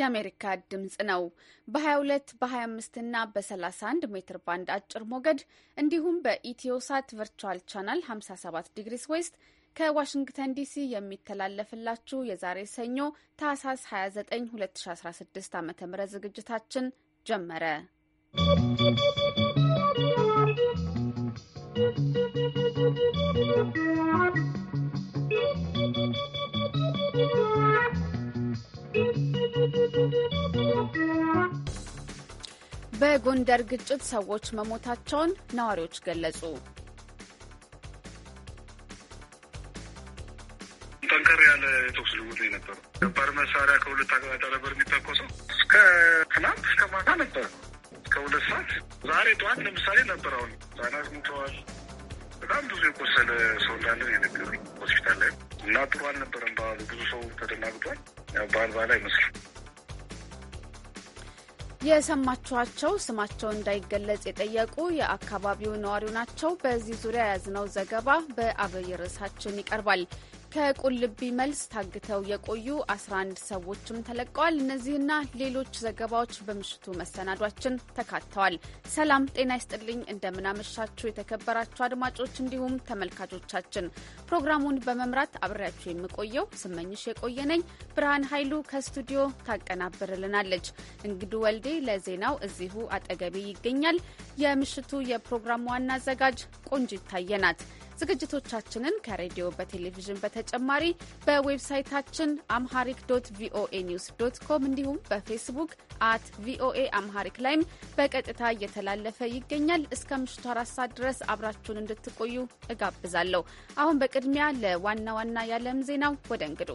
የአሜሪካ ድምፅ ነው። በ22 በ25 እና በ31 ሜትር ባንድ አጭር ሞገድ እንዲሁም በኢትዮሳት ቨርቹዋል ቻናል 57 ዲግሪስ ዌስት ከዋሽንግተን ዲሲ የሚተላለፍላችሁ የዛሬ ሰኞ ታህሳስ 29 2016 ዓ ም ዝግጅታችን ጀመረ። ¶¶ በጎንደር ግጭት ሰዎች መሞታቸውን ነዋሪዎች ገለጹ። ጠንከር ያለ የተኩስ ልውውጥ ነው የነበረው። ከባድ መሳሪያ ከሁለት አቅጣጫ ነበር የሚተኮሰው። እስከ ትናንት እስከ ማታ ነበር፣ እስከ ሁለት ሰዓት ዛሬ ጠዋት ለምሳሌ ነበር። አሁን ህጻናት ሙተዋል። በጣም ብዙ የቆሰለ ሰው እንዳለ የነገሩ ሆስፒታል ላይ እና ጥሩ አልነበረም። በዓሉ ብዙ ሰው ተደናግጧል። በዓል በዓል አይመስልም። የሰማችኋቸው ስማቸው እንዳይገለጽ የጠየቁ የአካባቢው ነዋሪው ናቸው። በዚህ ዙሪያ የያዝነው ዘገባ በአብይ ርዕሳችን ይቀርባል። ከቁልቢ መልስ ታግተው የቆዩ 11 ሰዎችም ተለቀዋል። እነዚህና ሌሎች ዘገባዎች በምሽቱ መሰናዷችን ተካተዋል። ሰላም ጤና ይስጥልኝ። እንደምናመሻችሁ የተከበራችሁ አድማጮች እንዲሁም ተመልካቾቻችን ፕሮግራሙን በመምራት አብሬያችሁ የምቆየው ስመኝሽ የቆየነኝ ብርሃን ኃይሉ ከስቱዲዮ ታቀናብርልናለች። እንግዱ ወልዴ ለዜናው እዚሁ አጠገቤ ይገኛል። የምሽቱ የፕሮግራሙ ዋና አዘጋጅ ቆንጅ ይታየናት። ዝግጅቶቻችንን ከሬዲዮ በቴሌቪዥን በተጨማሪ በዌብሳይታችን አምሃሪክ ዶት ቪኦኤ ኒውስ ዶት ኮም እንዲሁም በፌስቡክ አት ቪኦኤ አምሃሪክ ላይም በቀጥታ እየተላለፈ ይገኛል። እስከ ምሽቱ አራት ሰዓት ድረስ አብራችሁን እንድትቆዩ እጋብዛለሁ። አሁን በቅድሚያ ለዋና ዋና የዓለም ዜናው ወደ እንግዱ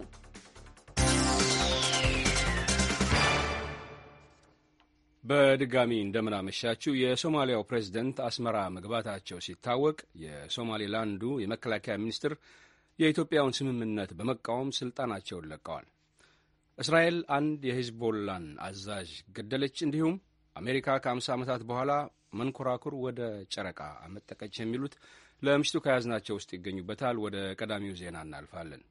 በድጋሚ እንደምናመሻችው የሶማሊያው ፕሬዝደንት አስመራ መግባታቸው ሲታወቅ የሶማሌላንዱ የመከላከያ ሚኒስትር የኢትዮጵያውን ስምምነት በመቃወም ስልጣናቸውን ለቀዋል። እስራኤል አንድ የሂዝቦላን አዛዥ ገደለች፣ እንዲሁም አሜሪካ ከ ዓመታት በኋላ መንኮራኩር ወደ ጨረቃ አመጠቀች የሚሉት ለምሽቱ ከያዝናቸው ውስጥ ይገኙበታል። ወደ ቀዳሚው ዜና እናልፋለን።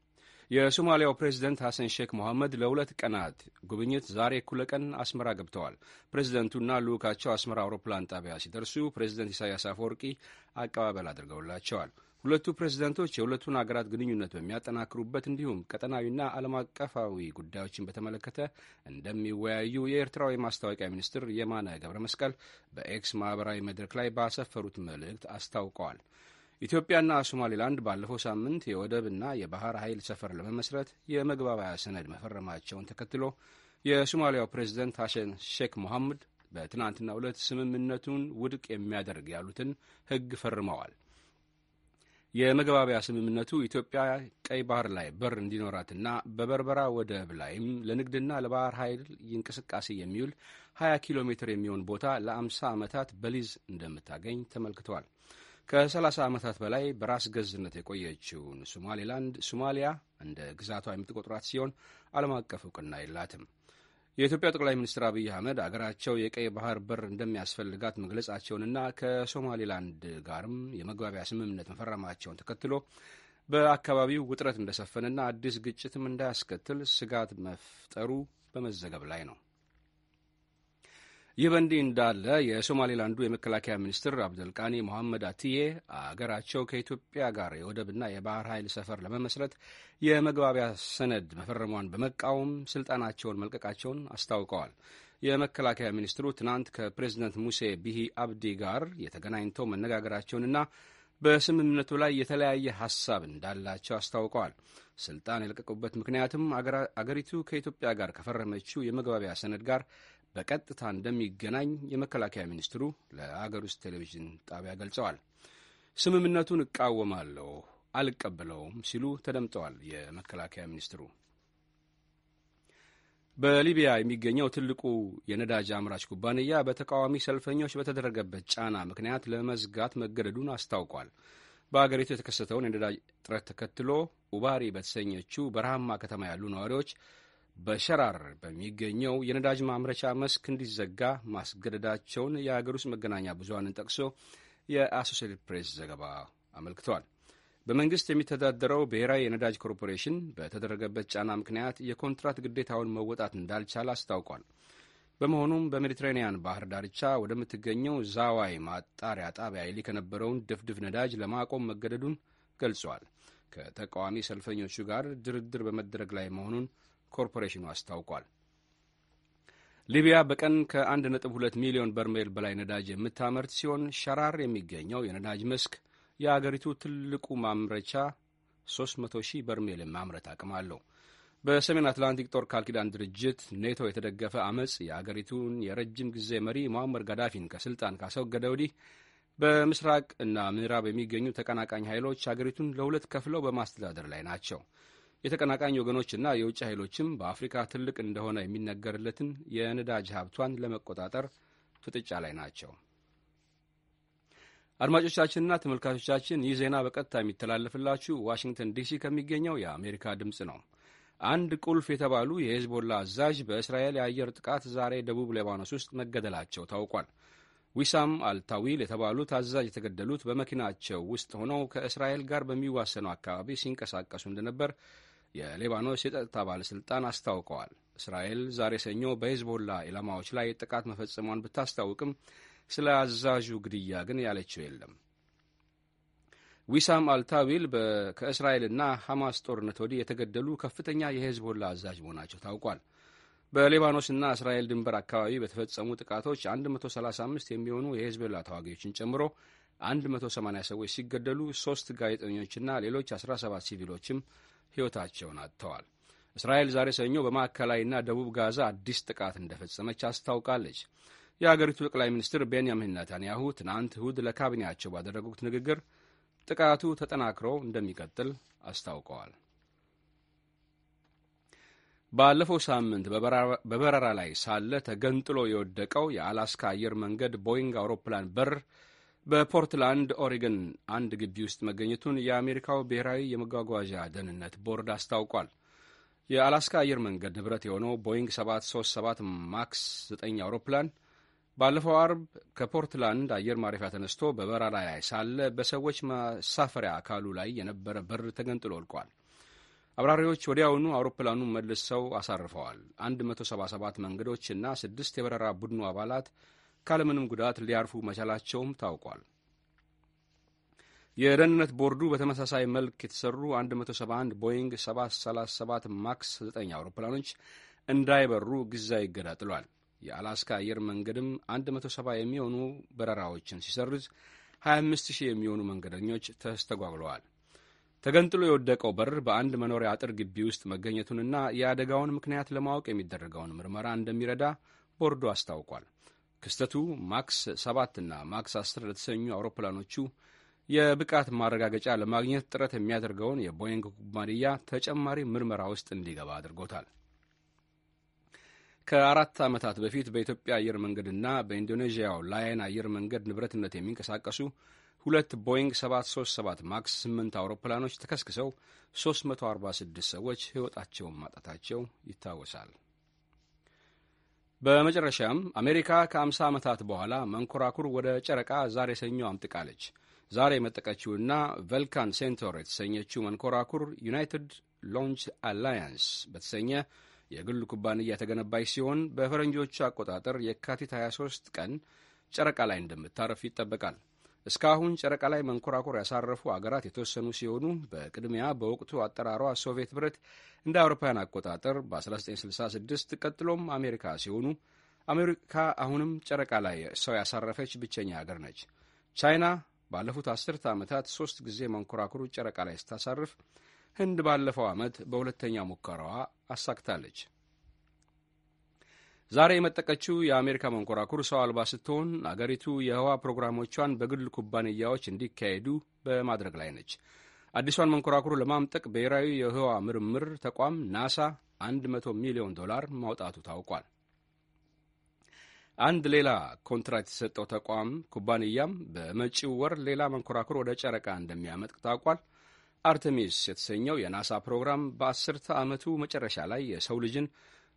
የሶማሊያው ፕሬዚደንት ሐሰን ሼክ መሐመድ ለሁለት ቀናት ጉብኝት ዛሬ እኩለ ቀን አስመራ ገብተዋል። ፕሬዚደንቱና ልዑካቸው አስመራ አውሮፕላን ጣቢያ ሲደርሱ ፕሬዚደንት ኢሳያስ አፈወርቂ አቀባበል አድርገውላቸዋል። ሁለቱ ፕሬዝደንቶች የሁለቱን አገራት ግንኙነት በሚያጠናክሩበት እንዲሁም ቀጠናዊና ዓለም አቀፋዊ ጉዳዮችን በተመለከተ እንደሚወያዩ የኤርትራዊ ማስታወቂያ ሚኒስትር የማነ ገብረ መስቀል በኤክስ ማኅበራዊ መድረክ ላይ ባሰፈሩት መልእክት አስታውቀዋል። ኢትዮጵያና ሶማሌላንድ ባለፈው ሳምንት የወደብና የባህር ኃይል ሰፈር ለመመስረት የመግባባያ ሰነድ መፈረማቸውን ተከትሎ የሶማሊያው ፕሬዚደንት ሐሰን ሼክ ሞሐመድ በትናንትናው ዕለት ስምምነቱን ውድቅ የሚያደርግ ያሉትን ሕግ ፈርመዋል። የመግባቢያ ስምምነቱ ኢትዮጵያ ቀይ ባህር ላይ በር እንዲኖራትና በበርበራ ወደብ ላይም ለንግድና ለባህር ኃይል እንቅስቃሴ የሚውል 20 ኪሎ ሜትር የሚሆን ቦታ ለ50 ዓመታት በሊዝ እንደምታገኝ ተመልክቷል። ከ30 ዓመታት በላይ በራስ ገዝነት የቆየችውን ሶማሌላንድ ሶማሊያ እንደ ግዛቷ የምትቆጥራት ሲሆን ዓለም አቀፍ እውቅና የላትም። የኢትዮጵያ ጠቅላይ ሚኒስትር አብይ አህመድ አገራቸው የቀይ ባህር በር እንደሚያስፈልጋት መግለጻቸውንና ከሶማሌላንድ ጋርም የመግባቢያ ስምምነት መፈረማቸውን ተከትሎ በአካባቢው ውጥረት እንደሰፈነና አዲስ ግጭትም እንዳያስከትል ስጋት መፍጠሩ በመዘገብ ላይ ነው። ይህ በእንዲህ እንዳለ የሶማሌላንዱ የመከላከያ ሚኒስትር አብደልቃኒ ሞሐመድ አትዬ አገራቸው ከኢትዮጵያ ጋር የወደብና የባህር ኃይል ሰፈር ለመመስረት የመግባቢያ ሰነድ መፈረሟን በመቃወም ስልጣናቸውን መልቀቃቸውን አስታውቀዋል። የመከላከያ ሚኒስትሩ ትናንት ከፕሬዚደንት ሙሴ ቢሂ አብዲ ጋር የተገናኝተው መነጋገራቸውንና በስምምነቱ ላይ የተለያየ ሀሳብ እንዳላቸው አስታውቀዋል። ስልጣን የለቀቁበት ምክንያትም አገሪቱ ከኢትዮጵያ ጋር ከፈረመችው የመግባቢያ ሰነድ ጋር በቀጥታ እንደሚገናኝ የመከላከያ ሚኒስትሩ ለአገር ውስጥ ቴሌቪዥን ጣቢያ ገልጸዋል። ስምምነቱን እቃወማለሁ፣ አልቀበለውም ሲሉ ተደምጠዋል የመከላከያ ሚኒስትሩ። በሊቢያ የሚገኘው ትልቁ የነዳጅ አምራች ኩባንያ በተቃዋሚ ሰልፈኞች በተደረገበት ጫና ምክንያት ለመዝጋት መገደዱን አስታውቋል። በአገሪቱ የተከሰተውን የነዳጅ እጥረት ተከትሎ ኡባሪ በተሰኘችው በረሃማ ከተማ ያሉ ነዋሪዎች በሸራር በሚገኘው የነዳጅ ማምረቻ መስክ እንዲዘጋ ማስገደዳቸውን የሀገር ውስጥ መገናኛ ብዙኃንን ጠቅሶ የአሶሴትድ ፕሬስ ዘገባ አመልክቷል። በመንግስት የሚተዳደረው ብሔራዊ የነዳጅ ኮርፖሬሽን በተደረገበት ጫና ምክንያት የኮንትራት ግዴታውን መወጣት እንዳልቻለ አስታውቋል። በመሆኑም በሜዲትራኒያን ባህር ዳርቻ ወደምትገኘው ዛዋይ ማጣሪያ ጣቢያ ይል ከነበረውን ድፍድፍ ነዳጅ ለማቆም መገደዱን ገልጿል። ከተቃዋሚ ሰልፈኞቹ ጋር ድርድር በመደረግ ላይ መሆኑን ኮርፖሬሽኑ አስታውቋል። ሊቢያ በቀን ከ1.2 ሚሊዮን በርሜል በላይ ነዳጅ የምታመርት ሲሆን ሸራር የሚገኘው የነዳጅ መስክ የአገሪቱ ትልቁ ማምረቻ 300 ሺህ በርሜል የማምረት አቅም አለው። በሰሜን አትላንቲክ ጦር ቃል ኪዳን ድርጅት ኔቶ የተደገፈ አመፅ የአገሪቱን የረጅም ጊዜ መሪ ሙአመር ጋዳፊን ከስልጣን ካስወገደ ወዲህ በምስራቅ እና ምዕራብ የሚገኙ ተቀናቃኝ ኃይሎች አገሪቱን ለሁለት ከፍለው በማስተዳደር ላይ ናቸው። የተቀናቃኝ ወገኖችና የውጭ ኃይሎችም በአፍሪካ ትልቅ እንደሆነ የሚነገርለትን የነዳጅ ሀብቷን ለመቆጣጠር ፍጥጫ ላይ ናቸው። አድማጮቻችንና ተመልካቾቻችን ይህ ዜና በቀጥታ የሚተላለፍላችሁ ዋሽንግተን ዲሲ ከሚገኘው የአሜሪካ ድምፅ ነው። አንድ ቁልፍ የተባሉ የሄዝቦላ አዛዥ በእስራኤል የአየር ጥቃት ዛሬ ደቡብ ሌባኖስ ውስጥ መገደላቸው ታውቋል። ዊሳም አልታዊል የተባሉት አዛዥ የተገደሉት በመኪናቸው ውስጥ ሆነው ከእስራኤል ጋር በሚዋሰኑ አካባቢ ሲንቀሳቀሱ እንደነበር የሌባኖስ የጸጥታ ባለሥልጣን አስታውቀዋል። እስራኤል ዛሬ ሰኞ በሄዝቦላ ኢላማዎች ላይ ጥቃት መፈጸሟን ብታስታውቅም ስለ አዛዡ ግድያ ግን ያለችው የለም። ዊሳም አልታዊል ከእስራኤልና ሐማስ ጦርነት ወዲህ የተገደሉ ከፍተኛ የሄዝቦላ አዛዥ መሆናቸው ታውቋል። በሌባኖስና እስራኤል ድንበር አካባቢ በተፈጸሙ ጥቃቶች 135 የሚሆኑ የሄዝቦላ ተዋጊዎችን ጨምሮ 180 ሰዎች ሲገደሉ ሶስት ጋዜጠኞችና ሌሎች 17 ሲቪሎችም ሕይወታቸውን አጥተዋል። እስራኤል ዛሬ ሰኞ በማዕከላዊና ደቡብ ጋዛ አዲስ ጥቃት እንደፈጸመች አስታውቃለች። የአገሪቱ ጠቅላይ ሚኒስትር ቤንያሚን ነታንያሁ ትናንት እሁድ ለካቢኔያቸው ባደረጉት ንግግር ጥቃቱ ተጠናክሮ እንደሚቀጥል አስታውቀዋል። ባለፈው ሳምንት በበረራ ላይ ሳለ ተገንጥሎ የወደቀው የአላስካ አየር መንገድ ቦይንግ አውሮፕላን በር በፖርትላንድ ኦሪገን አንድ ግቢ ውስጥ መገኘቱን የአሜሪካው ብሔራዊ የመጓጓዣ ደህንነት ቦርድ አስታውቋል። የአላስካ አየር መንገድ ንብረት የሆነው ቦይንግ 737 ማክስ 9 አውሮፕላን ባለፈው አርብ ከፖርትላንድ አየር ማረፊያ ተነስቶ በበረራ ላይ ሳለ በሰዎች መሳፈሪያ አካሉ ላይ የነበረ በር ተገንጥሎ ወልቋል። አብራሪዎች ወዲያውኑ አውሮፕላኑን መልሰው አሳርፈዋል። 177 መንገዶች እና ስድስት የበረራ ቡድኑ አባላት ካለምንም ጉዳት ሊያርፉ መቻላቸውም ታውቋል። የደህንነት ቦርዱ በተመሳሳይ መልክ የተሰሩ 171 ቦይንግ 737 ማክስ 9 አውሮፕላኖች እንዳይበሩ ጊዜያዊ እገዳ ጥሏል። የአላስካ አየር መንገድም 170 የሚሆኑ በረራዎችን ሲሰርዝ 25000 የሚሆኑ መንገደኞች ተስተጓጉለዋል። ተገንጥሎ የወደቀው በር በአንድ መኖሪያ አጥር ግቢ ውስጥ መገኘቱንና የአደጋውን ምክንያት ለማወቅ የሚደረገውን ምርመራ እንደሚረዳ ቦርዱ አስታውቋል። ክስተቱ ማክስ 7 እና ማክስ 10 ለተሰኙ አውሮፕላኖቹ የብቃት ማረጋገጫ ለማግኘት ጥረት የሚያደርገውን የቦይንግ ኩባንያ ተጨማሪ ምርመራ ውስጥ እንዲገባ አድርጎታል። ከአራት ዓመታት በፊት በኢትዮጵያ አየር መንገድና በኢንዶኔዥያው ላየን አየር መንገድ ንብረትነት የሚንቀሳቀሱ ሁለት ቦይንግ 737 ማክስ 8 አውሮፕላኖች ተከስክሰው 346 ሰዎች ሕይወታቸውን ማጣታቸው ይታወሳል። በመጨረሻም አሜሪካ ከ50 ዓመታት በኋላ መንኮራኩር ወደ ጨረቃ ዛሬ ሰኞ አምጥቃለች። ዛሬ የመጠቀችውና ቨልካን ሴንቶር የተሰኘችው መንኮራኩር ዩናይትድ ሎንች አላያንስ በተሰኘ የግል ኩባንያ የተገነባች ሲሆን በፈረንጆቹ አቆጣጠር የካቲት 23 ቀን ጨረቃ ላይ እንደምታረፍ ይጠበቃል። እስካሁን ጨረቃ ላይ መንኮራኮር ያሳረፉ አገራት የተወሰኑ ሲሆኑ በቅድሚያ በወቅቱ አጠራሯ ሶቪየት ብረት እንደ አውሮፓውያን አቆጣጠር በ1966 ቀጥሎም አሜሪካ ሲሆኑ አሜሪካ አሁንም ጨረቃ ላይ ሰው ያሳረፈች ብቸኛ ሀገር ነች። ቻይና ባለፉት አስርተ ዓመታት ሶስት ጊዜ መንኮራኩሩ ጨረቃ ላይ ስታሳርፍ ህንድ ባለፈው ዓመት በሁለተኛ ሙከራዋ አሳክታለች። ዛሬ የመጠቀችው የአሜሪካ መንኮራኩር ሰው አልባ ስትሆን አገሪቱ የህዋ ፕሮግራሞቿን በግል ኩባንያዎች እንዲካሄዱ በማድረግ ላይ ነች። አዲሷን መንኮራኩር ለማምጠቅ ብሔራዊ የህዋ ምርምር ተቋም ናሳ 100 ሚሊዮን ዶላር ማውጣቱ ታውቋል። አንድ ሌላ ኮንትራክት የተሰጠው ተቋም ኩባንያም በመጪው ወር ሌላ መንኮራኩር ወደ ጨረቃ እንደሚያመጥቅ ታውቋል። አርተሚስ የተሰኘው የናሳ ፕሮግራም በአስርተ ዓመቱ መጨረሻ ላይ የሰው ልጅን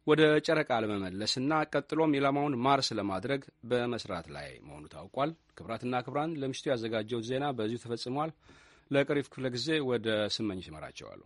ወደ ጨረቃ ለመመለስና ቀጥሎም ኢላማውን ማርስ ለማድረግ በመስራት ላይ መሆኑ ታውቋል። ክብራትና ክብራን ለምሽቱ ያዘጋጀው ዜና በዚሁ ተፈጽሟል። ለቀሪው ክፍለ ጊዜ ወደ ስመኝ ይመራቸዋሉ።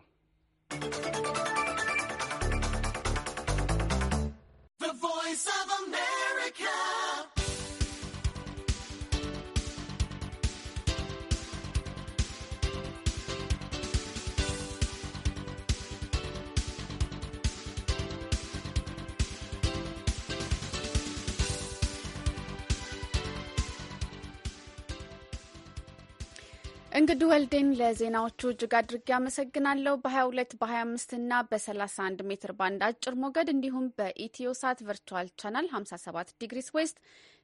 እንግዲህ ወልዴን ለዜናዎቹ እጅግ አድርጌ አመሰግናለሁ። በ22 በ25 እና በ31 ሜትር ባንድ አጭር ሞገድ እንዲሁም በኢትዮሳት ቨርቹዋል ቻናል 57 ዲግሪስ ዌስት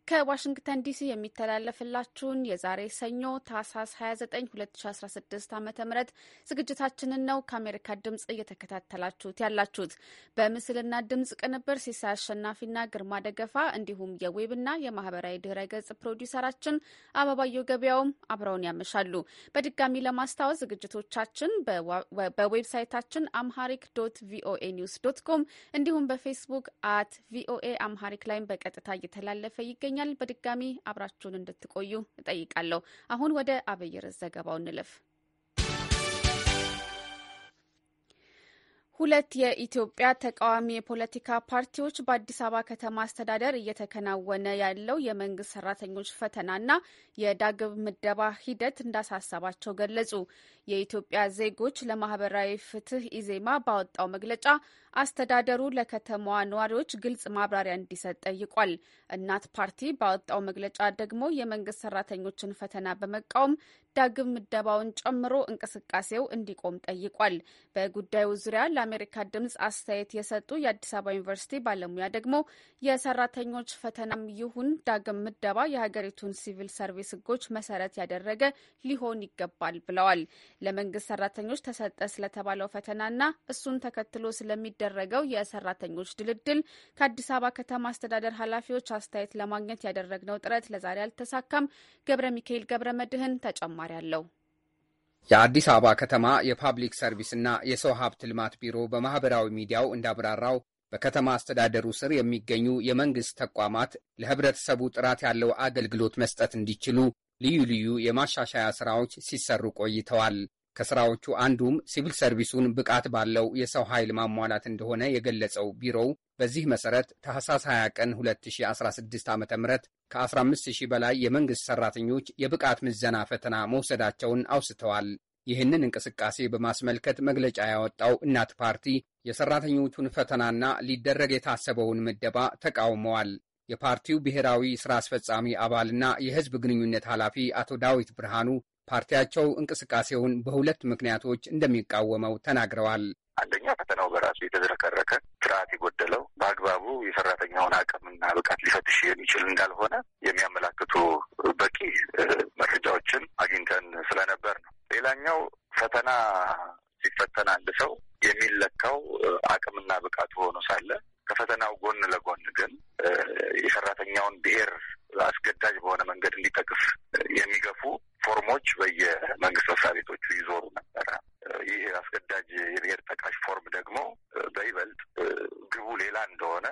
ከዋሽንግተን ዲሲ የሚተላለፍላችሁን የዛሬ ሰኞ ታህሳስ 29 2016 ዓ ም ዝግጅታችንን ነው ከአሜሪካ ድምፅ እየተከታተላችሁት ያላችሁት። በምስልና ድምፅ ቅንብር ሲሳይ አሸናፊና ግርማ ደገፋ እንዲሁም የዌብና የማህበራዊ ድህረ ገጽ ፕሮዲውሰራችን አበባየው ገበያውም አብረውን ያመሻሉ። በድጋሚ ለማስታወስ ዝግጅቶቻችን በዌብሳይታችን አምሃሪክ ዶት ቪኦኤ ኒውስ ዶት ኮም እንዲሁም በፌስቡክ አት ቪኦኤ አምሃሪክ ላይም በቀጥታ እየተላለፈ ይገኛል። ይገኛል። በድጋሚ አብራችሁን እንድትቆዩ እጠይቃለሁ። አሁን ወደ አብይ ዘገባው እንለፍ። ሁለት የኢትዮጵያ ተቃዋሚ የፖለቲካ ፓርቲዎች በአዲስ አበባ ከተማ አስተዳደር እየተከናወነ ያለው የመንግስት ሰራተኞች ፈተናና የዳግም ምደባ ሂደት እንዳሳሰባቸው ገለጹ። የኢትዮጵያ ዜጎች ለማህበራዊ ፍትህ ኢዜማ ባወጣው መግለጫ አስተዳደሩ ለከተማዋ ነዋሪዎች ግልጽ ማብራሪያ እንዲሰጥ ጠይቋል። እናት ፓርቲ ባወጣው መግለጫ ደግሞ የመንግስት ሰራተኞችን ፈተና በመቃወም ዳግም ምደባውን ጨምሮ እንቅስቃሴው እንዲቆም ጠይቋል። በጉዳዩ ዙሪያ ለአሜሪካ ድምፅ አስተያየት የሰጡ የአዲስ አበባ ዩኒቨርሲቲ ባለሙያ ደግሞ የሰራተኞች ፈተናም ይሁን ዳግም ምደባ የሀገሪቱን ሲቪል ሰርቪስ ሕጎች መሰረት ያደረገ ሊሆን ይገባል ብለዋል። ለመንግስት ሰራተኞች ተሰጠ ስለተባለው ፈተናና እሱን ተከትሎ ስለሚደ በሚደረገው የሰራተኞች ድልድል ከአዲስ አበባ ከተማ አስተዳደር ኃላፊዎች አስተያየት ለማግኘት ያደረግነው ጥረት ለዛሬ አልተሳካም። ገብረ ሚካኤል ገብረ መድህን ተጨማሪ አለው። የአዲስ አበባ ከተማ የፓብሊክ ሰርቪስና የሰው ሀብት ልማት ቢሮ በማህበራዊ ሚዲያው እንዳብራራው በከተማ አስተዳደሩ ስር የሚገኙ የመንግስት ተቋማት ለህብረተሰቡ ጥራት ያለው አገልግሎት መስጠት እንዲችሉ ልዩ ልዩ የማሻሻያ ስራዎች ሲሰሩ ቆይተዋል። ከስራዎቹ አንዱም ሲቪል ሰርቪሱን ብቃት ባለው የሰው ኃይል ማሟላት እንደሆነ የገለጸው ቢሮው በዚህ መሰረት ታህሳስ 20 ቀን 2016 ዓ ም ከ15000 በላይ የመንግሥት ሠራተኞች የብቃት ምዘና ፈተና መውሰዳቸውን አውስተዋል። ይህንን እንቅስቃሴ በማስመልከት መግለጫ ያወጣው እናት ፓርቲ የሠራተኞቹን ፈተናና ሊደረግ የታሰበውን ምደባ ተቃውመዋል። የፓርቲው ብሔራዊ ሥራ አስፈጻሚ አባልና የሕዝብ ግንኙነት ኃላፊ አቶ ዳዊት ብርሃኑ ፓርቲያቸው እንቅስቃሴውን በሁለት ምክንያቶች እንደሚቃወመው ተናግረዋል። አንደኛ ፈተናው በራሱ የተዝረከረከ ስርዓት የጎደለው በአግባቡ የሰራተኛውን አቅምና ብቃት ሊፈትሽ የሚችል እንዳልሆነ የሚያመላክቱ በቂ መረጃዎችን አግኝተን ስለነበር ነው። ሌላኛው ፈተና ሲፈተን አንድ ሰው የሚለካው አቅምና ብቃቱ ሆኖ ሳለ ከፈተናው ጎን ለጎን ግን የሰራተኛውን ብሔር አስገዳጅ በሆነ መንገድ እንዲጠቅስ የሚገፉ ፎርሞች በየመንግስት መስሪያ ቤቶቹ ይዞሩ ነበረ። ይህ አስገዳጅ የብሔር ጠቃሽ ፎርም ደግሞ በይበልጥ ግቡ ሌላ እንደሆነ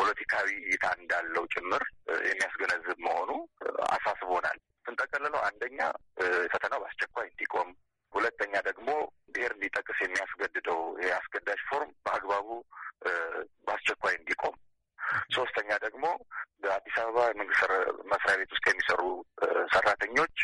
ፖለቲካዊ እይታ እንዳለው ጭምር የሚያስገነዝብ መሆኑ አሳስቦናል። ስንጠቀልለው አንደኛ ፈተናው በአስቸኳይ እንዲቆም፣ ሁለተኛ ደግሞ ብሔር እንዲጠቅስ የሚያስገድደው የአስገዳጅ ፎርም በአግባቡ በአስቸኳይ እንዲቆም ሶስተኛ ደግሞ በአዲስ አበባ መንግስት መስሪያ ቤት ውስጥ የሚሰሩ ሰራተኞች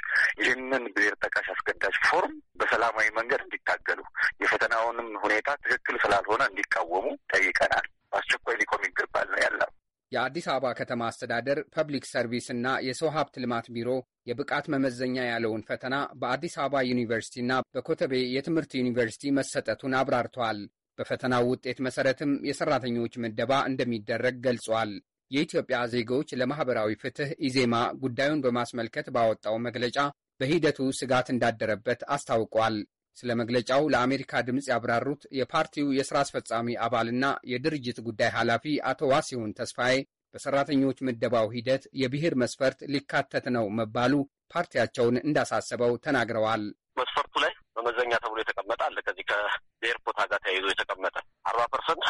ይህንን ብሔር ጠቃሽ አስገዳጅ ፎርም በሰላማዊ መንገድ እንዲታገሉ የፈተናውንም ሁኔታ ትክክል ስላልሆነ እንዲቃወሙ ጠይቀናል። አስቸኳይ ሊቆም ይገባል ነው ያለው። የአዲስ አበባ ከተማ አስተዳደር ፐብሊክ ሰርቪስ እና የሰው ሀብት ልማት ቢሮ የብቃት መመዘኛ ያለውን ፈተና በአዲስ አበባ ዩኒቨርሲቲና በኮተቤ የትምህርት ዩኒቨርሲቲ መሰጠቱን አብራርተዋል። በፈተናው ውጤት መሰረትም የሰራተኞች ምደባ እንደሚደረግ ገልጿል። የኢትዮጵያ ዜጎች ለማህበራዊ ፍትህ ኢዜማ ጉዳዩን በማስመልከት ባወጣው መግለጫ በሂደቱ ስጋት እንዳደረበት አስታውቋል። ስለ መግለጫው ለአሜሪካ ድምፅ ያብራሩት የፓርቲው የሥራ አስፈጻሚ አባልና የድርጅት ጉዳይ ኃላፊ አቶ ዋሲሁን ተስፋዬ በሠራተኞች ምደባው ሂደት የብሔር መስፈርት ሊካተት ነው መባሉ ፓርቲያቸውን እንዳሳሰበው ተናግረዋል። መስፈርቱ ላይ መመዘኛ ተብሎ የተቀመጠ አለ። ከዚህ ከብሔር ኮታ ጋር ተያይዞ የተቀመጠ አርባ ፐርሰንት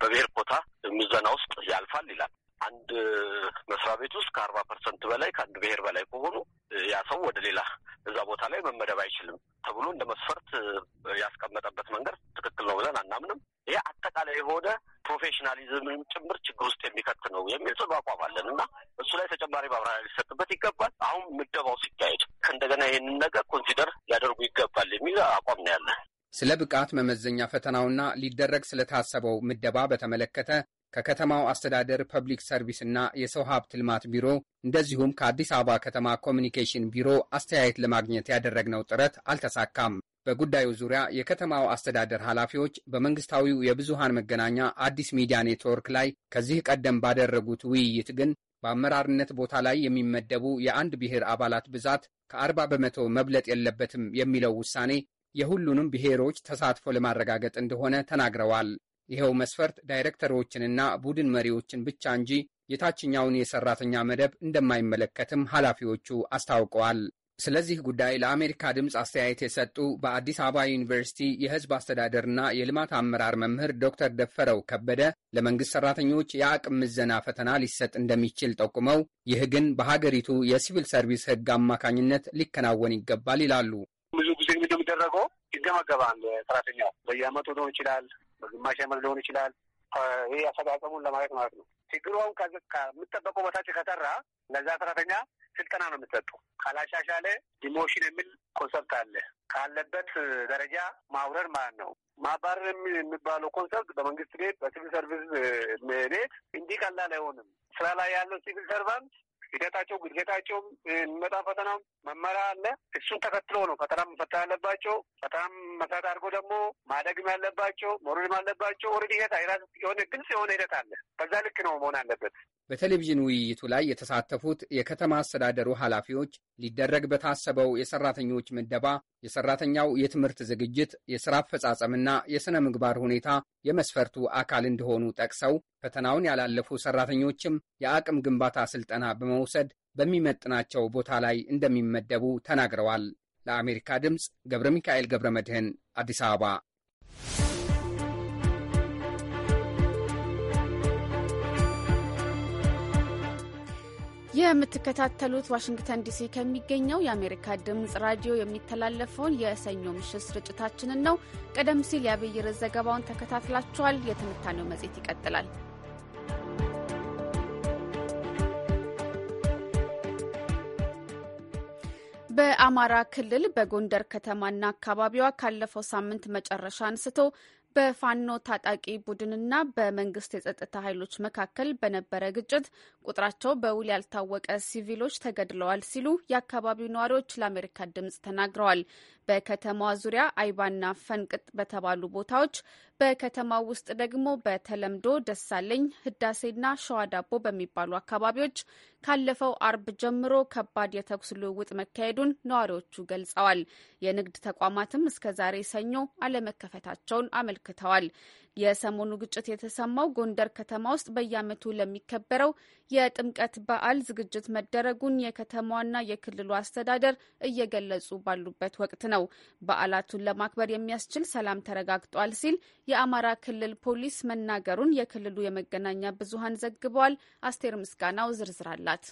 በብሔር ኮታ ምዘና ውስጥ ያልፋል ይላል። አንድ መስሪያ ቤት ውስጥ ከአርባ ፐርሰንት በላይ ከአንድ ብሔር በላይ ከሆኑ ያ ሰው ወደ ሌላ እዛ ቦታ ላይ መመደብ አይችልም የብቃት መመዘኛ ፈተናውና ሊደረግ ስለታሰበው ምደባ በተመለከተ ከከተማው አስተዳደር ፐብሊክ ሰርቪስ የሰው ሀብት ልማት ቢሮ እንደዚሁም ከአዲስ አበባ ከተማ ኮሚኒኬሽን ቢሮ አስተያየት ለማግኘት ያደረግነው ጥረት አልተሳካም። በጉዳዩ ዙሪያ የከተማው አስተዳደር ኃላፊዎች በመንግስታዊው የብዙሃን መገናኛ አዲስ ሚዲያ ኔትወርክ ላይ ከዚህ ቀደም ባደረጉት ውይይት ግን በአመራርነት ቦታ ላይ የሚመደቡ የአንድ ብሔር አባላት ብዛት ከአርባ በመቶ መብለጥ የለበትም የሚለው ውሳኔ የሁሉንም ብሔሮች ተሳትፎ ለማረጋገጥ እንደሆነ ተናግረዋል። ይኸው መስፈርት ዳይሬክተሮችንና ቡድን መሪዎችን ብቻ እንጂ የታችኛውን የሰራተኛ መደብ እንደማይመለከትም ኃላፊዎቹ አስታውቀዋል። ስለዚህ ጉዳይ ለአሜሪካ ድምፅ አስተያየት የሰጡ በአዲስ አበባ ዩኒቨርሲቲ የሕዝብ አስተዳደርና የልማት አመራር መምህር ዶክተር ደፈረው ከበደ ለመንግሥት ሠራተኞች የአቅም ምዘና ፈተና ሊሰጥ እንደሚችል ጠቁመው ይህ ግን በሀገሪቱ የሲቪል ሰርቪስ ሕግ አማካኝነት ሊከናወን ይገባል ይላሉ። ብዙ ጊዜ እንደሚደረገው ይገመገባል። ሰራተኛው በየአመቱ ሊሆን ይችላል፣ በግማሽ አመት ሊሆን ይችላል። ይህ አፈጻጸሙን ለማለት ማለት ነው። ችግሩ አሁን በታች ከጠራ ለዛ ሰራተኛ ስልጠና ነው የምትሰጡ። ካላሻሻለ ዲሞሽን የሚል ኮንሰፕት አለ። ካለበት ደረጃ ማውረድ ማለት ነው። ማባረር የሚባለው ኮንሰፕት በመንግስት ቤት በሲቪል ሰርቪስ ቤት እንዲህ ቀላል አይሆንም። ስራ ላይ ያለው ሲቪል ሰርቫንት ሂደታቸው ግድገታቸው የሚመጣ ፈተናም መመሪያ አለ። እሱን ተከትሎ ነው ፈተና መፈታ ያለባቸው። ፈተናም መሰረት አድርጎ ደግሞ ማደግም ያለባቸው መውረድም አለባቸው። ኦልሬዲ ሂደት የሆነ ግልጽ የሆነ ሂደት አለ። በዛ ልክ ነው መሆን አለበት። በቴሌቪዥን ውይይቱ ላይ የተሳተፉት የከተማ አስተዳደሩ ኃላፊዎች ሊደረግ በታሰበው የሰራተኞች ምደባ፣ የሰራተኛው የትምህርት ዝግጅት፣ የሥራ አፈጻጸምና የሥነ ምግባር ሁኔታ የመስፈርቱ አካል እንደሆኑ ጠቅሰው ፈተናውን ያላለፉ ሰራተኞችም የአቅም ግንባታ ሥልጠና በመውሰድ በሚመጥናቸው ቦታ ላይ እንደሚመደቡ ተናግረዋል። ለአሜሪካ ድምፅ ገብረ ሚካኤል ገብረ መድህን አዲስ አበባ የምትከታተሉት ዋሽንግተን ዲሲ ከሚገኘው የአሜሪካ ድምፅ ራዲዮ የሚተላለፈውን የሰኞ ምሽት ስርጭታችንን ነው። ቀደም ሲል የአብይር ዘገባውን ተከታትላችኋል። የትንታኔው መጽሔት ይቀጥላል። በአማራ ክልል በጎንደር ከተማና አካባቢዋ ካለፈው ሳምንት መጨረሻ አንስቶ በፋኖ ታጣቂ ቡድንና በመንግስት የጸጥታ ኃይሎች መካከል በነበረ ግጭት ቁጥራቸው በውል ያልታወቀ ሲቪሎች ተገድለዋል ሲሉ የአካባቢው ነዋሪዎች ለአሜሪካ ድምጽ ተናግረዋል። በከተማዋ ዙሪያ አይባና ፈንቅጥ በተባሉ ቦታዎች፣ በከተማ ውስጥ ደግሞ በተለምዶ ደሳለኝ፣ ህዳሴና ሸዋ ዳቦ በሚባሉ አካባቢዎች ካለፈው አርብ ጀምሮ ከባድ የተኩስ ልውውጥ መካሄዱን ነዋሪዎቹ ገልጸዋል። የንግድ ተቋማትም እስከ ዛሬ ሰኞ አለመከፈታቸውን አመልክተዋል። የሰሞኑ ግጭት የተሰማው ጎንደር ከተማ ውስጥ በየዓመቱ ለሚከበረው የጥምቀት በዓል ዝግጅት መደረጉን የከተማዋና የክልሉ አስተዳደር እየገለጹ ባሉበት ወቅት ነው። በዓላቱን ለማክበር የሚያስችል ሰላም ተረጋግጧል ሲል የአማራ ክልል ፖሊስ መናገሩን የክልሉ የመገናኛ ብዙሃን ዘግበዋል። አስቴር ምስጋናው ዝርዝር አላት።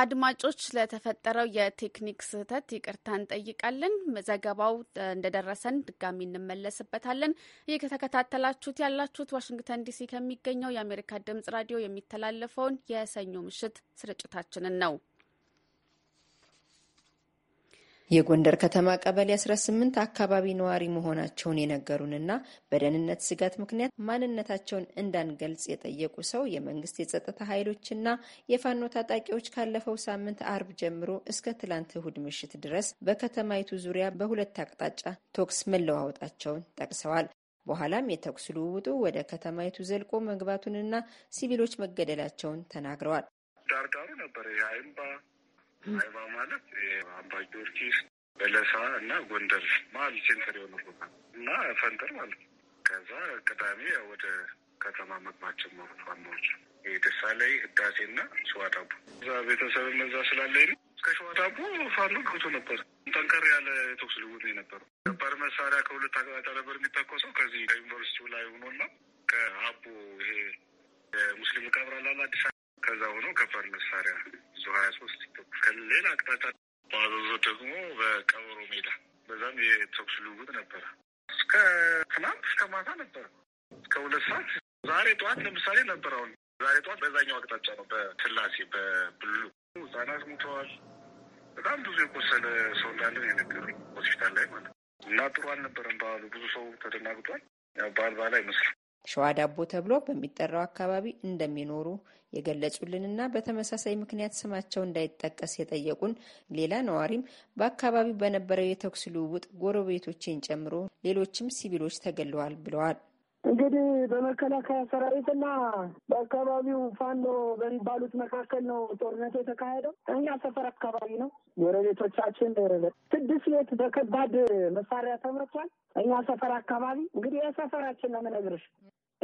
አድማጮች ለተፈጠረው የቴክኒክ ስህተት ይቅርታ እንጠይቃለን። ዘገባው እንደደረሰን ድጋሚ እንመለስበታለን። እየተከታተላችሁት ያላችሁት ዋሽንግተን ዲሲ ከሚገኘው የአሜሪካ ድምጽ ራዲዮ የሚተላለፈውን የሰኞ ምሽት ስርጭታችንን ነው። የጎንደር ከተማ ቀበሌ 18 አካባቢ ነዋሪ መሆናቸውን የነገሩንና በደህንነት ስጋት ምክንያት ማንነታቸውን እንዳንገልጽ የጠየቁ ሰው የመንግስት የጸጥታ ኃይሎችና የፋኖ ታጣቂዎች ካለፈው ሳምንት አርብ ጀምሮ እስከ ትላንት እሁድ ምሽት ድረስ በከተማይቱ ዙሪያ በሁለት አቅጣጫ ቶክስ መለዋወጣቸውን ጠቅሰዋል። በኋላም የተኩስ ልውውጡ ወደ ከተማይቱ ዘልቆ መግባቱንና ሲቪሎች መገደላቸውን ተናግረዋል። ዳርዳሩ ነበር አይባ ማለት አምባ ጊዮርጊስ፣ በለሳ እና ጎንደር መሀል ሴንተር የሆነ ቦታ እና ፈንጠር ማለት ነው። ከዛ ቅዳሜ ወደ ከተማ መግባት ጀመሩ ፋማዎች ደሳ ላይ ህዳሴ እና ሸዋ ዳቦ እዛ ቤተሰብ መዛ ስላለኝ ነው። እስከ ሸዋ ዳቦ ፋኖ ገብቶ ነበር። ጠንከር ያለ ተኩስ ልውውጥ ነው የነበረው። ከባድ መሳሪያ ከሁለት አቅጣጫ ነበር የሚተኮሰው ከዚህ ከዩኒቨርሲቲው ላይ ሆኖና ከአቦ ይሄ ሙስሊም ቀብራላ አዲስ ከዛ ሆኖ ከባድ መሳሪያ ብዙ ሀያ ሶስት ይተኩሳል። ከሌላ አቅጣጫ በአዘዞ ደግሞ በቀበሮ ሜዳ በዛም የተኩስ ልውውጥ ነበረ። እስከ ትናንት እስከ ማታ ነበረ፣ እስከ ሁለት ሰዓት። ዛሬ ጠዋት ለምሳሌ ነበር። አሁን ዛሬ ጠዋት በዛኛው አቅጣጫ ነው፣ በስላሴ በብሉ ህጻናት ሙተዋል። በጣም ብዙ የቆሰለ ሰው እንዳለ የነገሩ ሆስፒታል ላይ ማለት ነው። እና ጥሩ አልነበረም በዓሉ። ብዙ ሰው ተደናግጧል። ያው በዓል በዓል አይመስልም። ሸዋ ዳቦ ተብሎ በሚጠራው አካባቢ እንደሚኖሩ የገለጹልንና በተመሳሳይ ምክንያት ስማቸው እንዳይጠቀስ የጠየቁን ሌላ ነዋሪም በአካባቢው በነበረው የተኩስ ልውውጥ ጎረቤቶችን ጨምሮ ሌሎችም ሲቪሎች ተገለዋል ብለዋል። እንግዲህ በመከላከያ ሰራዊትና በአካባቢው ፋኖ በሚባሉት መካከል ነው ጦርነቱ የተካሄደው። እኛ ሰፈር አካባቢ ነው። ጎረቤቶቻችን ስድስት ቤት በከባድ መሳሪያ ተመቷል። እኛ ሰፈር አካባቢ እንግዲህ የሰፈራችን ነው የምነግርሽ።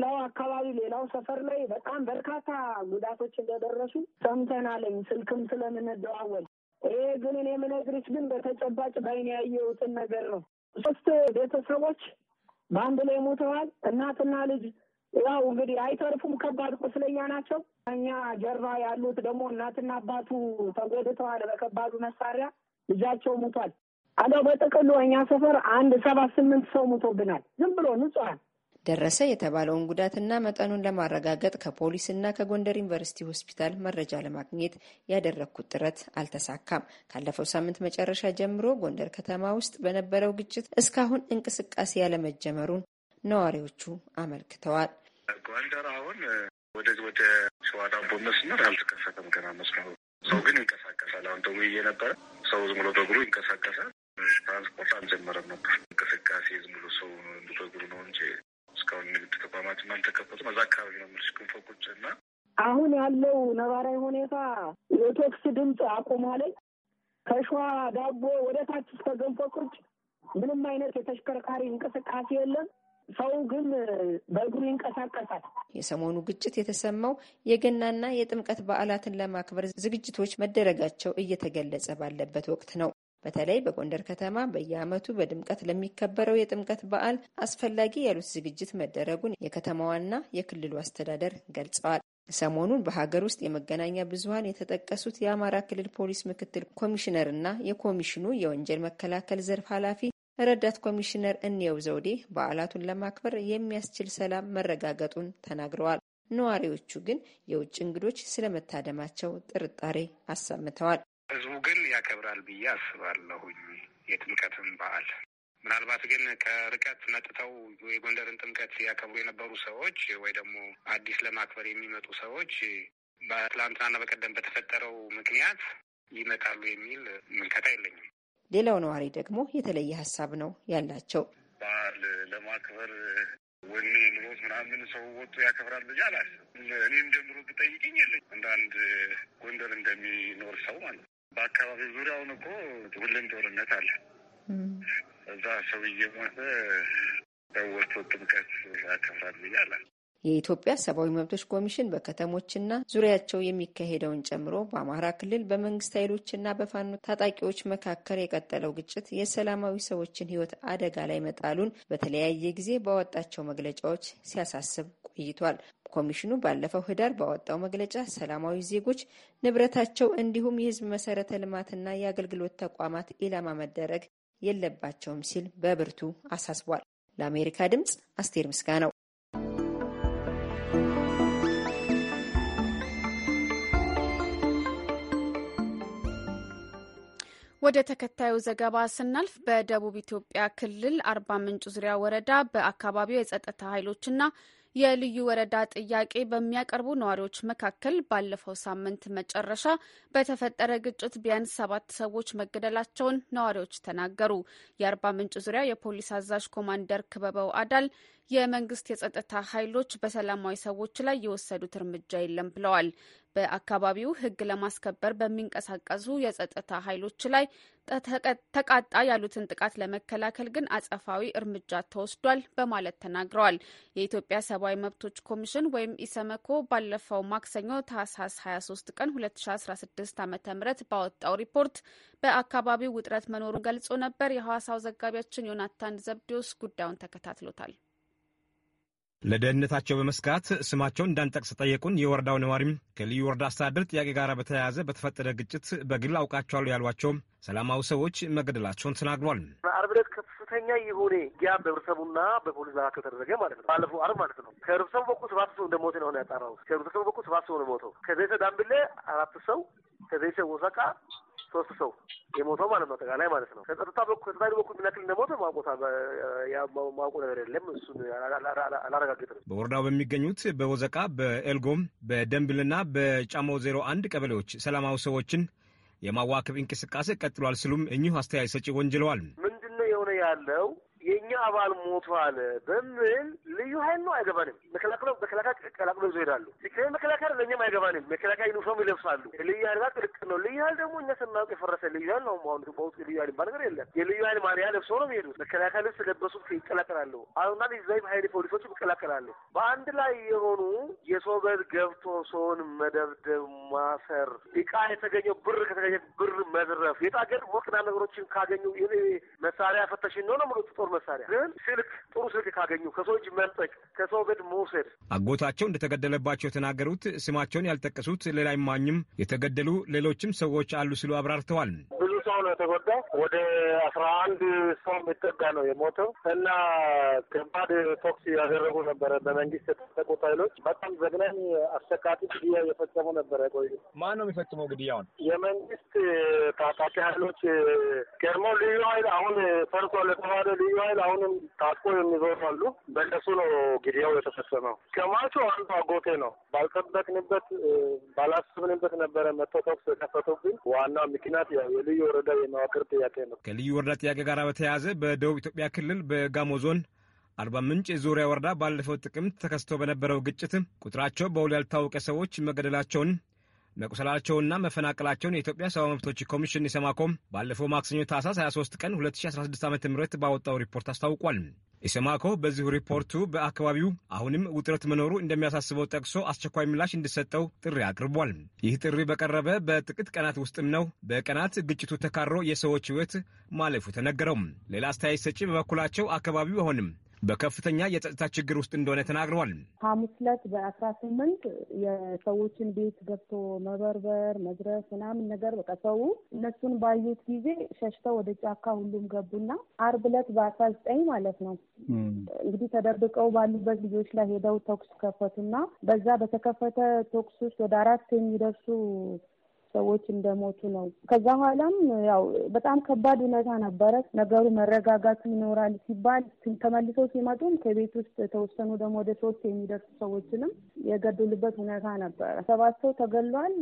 ሌላው አካባቢ ሌላው ሰፈር ላይ በጣም በርካታ ጉዳቶች እንደደረሱ ሰምተናለኝ፣ ስልክም ስለምንደዋወል። ይሄ ግን እኔ የምነግርሽ ግን በተጨባጭ በአይን ያየሁትን ነገር ነው። ሶስት ቤተሰቦች በአንድ ላይ ሞተዋል። እናትና ልጅ ያው እንግዲህ አይተርፉም። ከባድ ቁስለኛ ናቸው። እኛ ጀርባ ያሉት ደግሞ እናትና አባቱ ተጎድተዋል በከባዱ መሳሪያ። ልጃቸው ሙቷል። አዳው በጥቅሉ እኛ ሰፈር አንድ ሰባት ስምንት ሰው ሙቶብናል። ዝም ብሎ ንጹሐን ደረሰ የተባለውን ጉዳትና መጠኑን ለማረጋገጥ ከፖሊስና ከጎንደር ዩኒቨርሲቲ ሆስፒታል መረጃ ለማግኘት ያደረግኩት ጥረት አልተሳካም። ካለፈው ሳምንት መጨረሻ ጀምሮ ጎንደር ከተማ ውስጥ በነበረው ግጭት እስካሁን እንቅስቃሴ ያለመጀመሩን ነዋሪዎቹ አመልክተዋል። ጎንደር አሁን ወደ ወደ ሸዋዳቦ መስመር አልተከፈተም ገና መስመሩ። ሰው ግን ይንቀሳቀሳል። አሁን ደውዬ ነበረ። ሰው ዝም ብሎ በእግሩ ይንቀሳቀሳል። ትራንስፖርት አልጀመረም ነበር። እንቅስቃሴ ዝም ብሎ ሰው በእግሩ ነው እንጂ እስካሁን ንግድ ተቋማትም አልተከፈቱም። እዛ አካባቢ ነው የምልሽ ፎቆች እና አሁን ያለው ነባራዊ ሁኔታ የቶክስ ድምፅ አቁሟል። ከሸዋ ዳቦ ወደ ታች እስከ ገንፎ ምንም አይነት የተሽከርካሪ እንቅስቃሴ የለም። ሰው ግን በእግሩ ይንቀሳቀሳል። የሰሞኑ ግጭት የተሰማው የገናና የጥምቀት በዓላትን ለማክበር ዝግጅቶች መደረጋቸው እየተገለጸ ባለበት ወቅት ነው። በተለይ በጎንደር ከተማ በየዓመቱ በድምቀት ለሚከበረው የጥምቀት በዓል አስፈላጊ ያሉት ዝግጅት መደረጉን የከተማዋና የክልሉ አስተዳደር ገልጸዋል። ሰሞኑን በሀገር ውስጥ የመገናኛ ብዙኃን የተጠቀሱት የአማራ ክልል ፖሊስ ምክትል ኮሚሽነርና የኮሚሽኑ የወንጀል መከላከል ዘርፍ ኃላፊ ረዳት ኮሚሽነር እንየው ዘውዴ በዓላቱን ለማክበር የሚያስችል ሰላም መረጋገጡን ተናግረዋል። ነዋሪዎቹ ግን የውጭ እንግዶች ስለመታደማቸው ጥርጣሬ አሰምተዋል። ግን ያከብራል ብዬ አስባለሁኝ የጥምቀትን በዓል። ምናልባት ግን ከርቀት መጥተው የጎንደርን ጥምቀት ያከብሩ የነበሩ ሰዎች ወይ ደግሞ አዲስ ለማክበር የሚመጡ ሰዎች በትላንትናና በቀደም በተፈጠረው ምክንያት ይመጣሉ የሚል ምልከታ የለኝም። ሌላው ነዋሪ ደግሞ የተለየ ሀሳብ ነው ያላቸው። በዓል ለማክበር ወኔ ኑሮት ምናምን ሰው ወጡ ያከብራል ብዬ አላስብም። እኔም ጀምሮ ብጠይቅኝ የለኝ አንዳንድ ጎንደር እንደሚኖር ሰው ማለት ነው በአካባቢ ዙሪያውን እኮ ሁሌም ጦርነት አለ። እዛ ሰውዬ ሞተ፣ ሰዎች ጥምቀት ያከፍራል ብዬ አላል የኢትዮጵያ ሰብአዊ መብቶች ኮሚሽን በከተሞችና ዙሪያቸው የሚካሄደውን ጨምሮ በአማራ ክልል በመንግስት ኃይሎችና በፋኖ ታጣቂዎች መካከል የቀጠለው ግጭት የሰላማዊ ሰዎችን ሕይወት አደጋ ላይ መጣሉን በተለያየ ጊዜ ባወጣቸው መግለጫዎች ሲያሳስብ ቆይቷል። ኮሚሽኑ ባለፈው ህዳር ባወጣው መግለጫ ሰላማዊ ዜጎች ንብረታቸው፣ እንዲሁም የህዝብ መሰረተ ልማትና የአገልግሎት ተቋማት ኢላማ መደረግ የለባቸውም ሲል በብርቱ አሳስቧል። ለአሜሪካ ድምጽ አስቴር ነው። ወደ ተከታዩ ዘገባ ስናልፍ በደቡብ ኢትዮጵያ ክልል አርባ ምንጭ ዙሪያ ወረዳ በአካባቢው የጸጥታ ኃይሎችና የልዩ ወረዳ ጥያቄ በሚያቀርቡ ነዋሪዎች መካከል ባለፈው ሳምንት መጨረሻ በተፈጠረ ግጭት ቢያንስ ሰባት ሰዎች መገደላቸውን ነዋሪዎች ተናገሩ። የአርባ ምንጭ ዙሪያ የፖሊስ አዛዥ ኮማንደር ክበበው አዳል የመንግስት የጸጥታ ኃይሎች በሰላማዊ ሰዎች ላይ የወሰዱት እርምጃ የለም ብለዋል። በአካባቢው ሕግ ለማስከበር በሚንቀሳቀሱ የጸጥታ ኃይሎች ላይ ተቃጣ ያሉትን ጥቃት ለመከላከል ግን አጸፋዊ እርምጃ ተወስዷል በማለት ተናግረዋል። የኢትዮጵያ ሰብአዊ መብቶች ኮሚሽን ወይም ኢሰመኮ ባለፈው ማክሰኞ ታህሳስ 23 ቀን 2016 ዓ ም ባወጣው ሪፖርት በአካባቢው ውጥረት መኖሩን ገልጾ ነበር። የሐዋሳው ዘጋቢያችን ዮናታን ዘብዴዎስ ጉዳዩን ተከታትሎታል። ለደህንነታቸው በመስጋት ስማቸውን እንዳንጠቅስ ጠየቁን። የወረዳው ነዋሪም ከልዩ ወረዳ አስተዳደር ጥያቄ ጋር በተያያዘ በተፈጠረ ግጭት በግል አውቃቸዋሉ ያሏቸው ሰላማዊ ሰዎች መገደላቸውን ተናግሯል። አርብ ዕለት ከፍተኛ የሆነ ጊያ በህብረተሰቡና በፖሊስ መካከል ተደረገ ማለት ነው። ባለፈው አርብ ማለት ነው። ከህብረተሰቡ በኩል ሰባት ሰው እንደሞተ ነው ያጣራው። ከህብረተሰቡ በኩል ሰባት ሰው ነው ሞተው። ከዘይሰ ዳንብሌ አራት ሰው ከዘይሰ ወሰቃ ሶስት ሰው የሞተው ማለት ነው አጠቃላይ ማለት ነው። ከጸጥታ በኩል ከጸጥታ በኩል ምን ያክል እንደሞተ ማቆታ ማውቁ ነገር የለም። እሱን አላረጋግጥም። በወረዳው በሚገኙት በወዘቃ በኤልጎም በደንብልና በጫሞ ዜሮ አንድ ቀበሌዎች ሰላማዊ ሰዎችን የማዋከብ እንቅስቃሴ ቀጥሏል ሲሉም እኚሁ አስተያየት ሰጪ ወንጅለዋል። ምንድነው የሆነ ያለው የእኛ አባል ሞቷል በምን ልዩ ኃይል ነው አይገባንም። መከላከያ መከላከያ ቀላቅሎ ይዞ ሄዳሉ። ሲክሬ መከላከያ ለእኛም አይገባንም። መከላከያ ዩኒፎርም ይለብሳሉ። ልዩ ኃይል ጋር ጥልቅል ነው። ልዩ ኃይል ደግሞ እኛ ስናውቅ የፈረሰ ልዩ ኃይል ነው። አሁን ኢትዮጵያ ውስጥ ልዩ ኃይል ባል ነገር የለም። የልዩ ኃይል ማሊያ ለብሰው ነው የሚሄዱት። መከላከያ ልብስ ለበሱ ይቀላቀላሉ። አሁና ዛይብ ኃይል ፖሊሶች ይቀላቀላሉ። በአንድ ላይ የሆኑ የሰው ቤት ገብቶ ሰውን መደብደብ፣ ማሰር፣ እቃ የተገኘው ብር ከተገኘ ብር መዝረፍ፣ የጣገር ወቅና ነገሮችን ካገኙ መሳሪያ ፈተሽ ነው ነው ጦር መሳሪያ ግን ስልክ ጥሩ ስልክ ካገኙ ከሰው እጅ መልጠቅ ከሰው ገድ መውሰድ። አጎታቸው እንደተገደለባቸው የተናገሩት ስማቸውን ያልጠቀሱት ሌላ ይማኝም የተገደሉ ሌሎችም ሰዎች አሉ ሲሉ አብራርተዋል። ሰው ነው የተጎዳው። ወደ አስራ አንድ ሰው የሚጠጋ ነው የሞተው እና ከባድ ቶክስ ያደረጉ ነበረ። በመንግስት የተጠቁት ኃይሎች በጣም ዘግናኝ አሰቃቂ ግድያ እየፈጸሙ ነበረ። ቆይ ማን ነው የሚፈጽመው ግድያውን? የመንግስት ታጣቂ ኃይሎች ቀድሞ ልዩ ኃይል አሁን ፈርሶ ለተባለ ልዩ ኃይል አሁንም ታጥቆ የሚዞሩ አሉ። በእነሱ ነው ግድያው የተፈጸመው። ከማቾ አንዱ አጎቴ ነው። ባልጠበቅንበት ባላስብንበት ነበረ መቶ ቶክስ የከፈቱብን ዋና ምክንያት የልዩ ወረዳ የመዋቅር ጥያቄ ነው። ከልዩ ወረዳ ጥያቄ ጋር በተያያዘ በደቡብ ኢትዮጵያ ክልል በጋሞ ዞን አርባ ምንጭ የዙሪያ ወረዳ ባለፈው ጥቅምት ተከስቶ በነበረው ግጭት ቁጥራቸው በውል ያልታወቀ ሰዎች መገደላቸውን መቁሰላቸውና መፈናቀላቸውን የኢትዮጵያ ሰብአዊ መብቶች ኮሚሽን ኢሰማኮም ባለፈው ማክሰኞ ታህሳስ 23 ቀን 2016 ዓ ም ባወጣው ሪፖርት አስታውቋል። ኢሰማኮ በዚሁ ሪፖርቱ በአካባቢው አሁንም ውጥረት መኖሩ እንደሚያሳስበው ጠቅሶ አስቸኳይ ምላሽ እንዲሰጠው ጥሪ አቅርቧል። ይህ ጥሪ በቀረበ በጥቂት ቀናት ውስጥም ነው በቀናት ግጭቱ ተካሮ የሰዎች ሕይወት ማለፉ ተነገረው። ሌላ አስተያየት ሰጪ በበኩላቸው አካባቢው አሁንም በከፍተኛ የጸጥታ ችግር ውስጥ እንደሆነ ተናግረዋል። ሐሙስ ዕለት በአስራ ስምንት የሰዎችን ቤት ገብቶ መበርበር፣ መድረስ ምናምን ነገር በቃ ሰው እነሱን ባዩት ጊዜ ሸሽተው ወደ ጫካ ሁሉም ገቡና አርብ ዕለት በአስራ ዘጠኝ ማለት ነው እንግዲህ ተደብቀው ባሉበት ልጆች ላይ ሄደው ተኩስ ከፈቱና በዛ በተከፈተ ተኩስ ውስጥ ወደ አራት የሚደርሱ ሰዎች እንደሞቱ ነው። ከዛ በኋላም ያው በጣም ከባድ ሁኔታ ነበረ። ነገሩ መረጋጋት ይኖራል ሲባል ተመልሶ ሲመጡም ከቤት ውስጥ የተወሰኑ ደግሞ ወደ ሶስት የሚደርሱ ሰዎችንም የገደሉበት ሁኔታ ነበረ። ሰባት ሰው ተገሏል።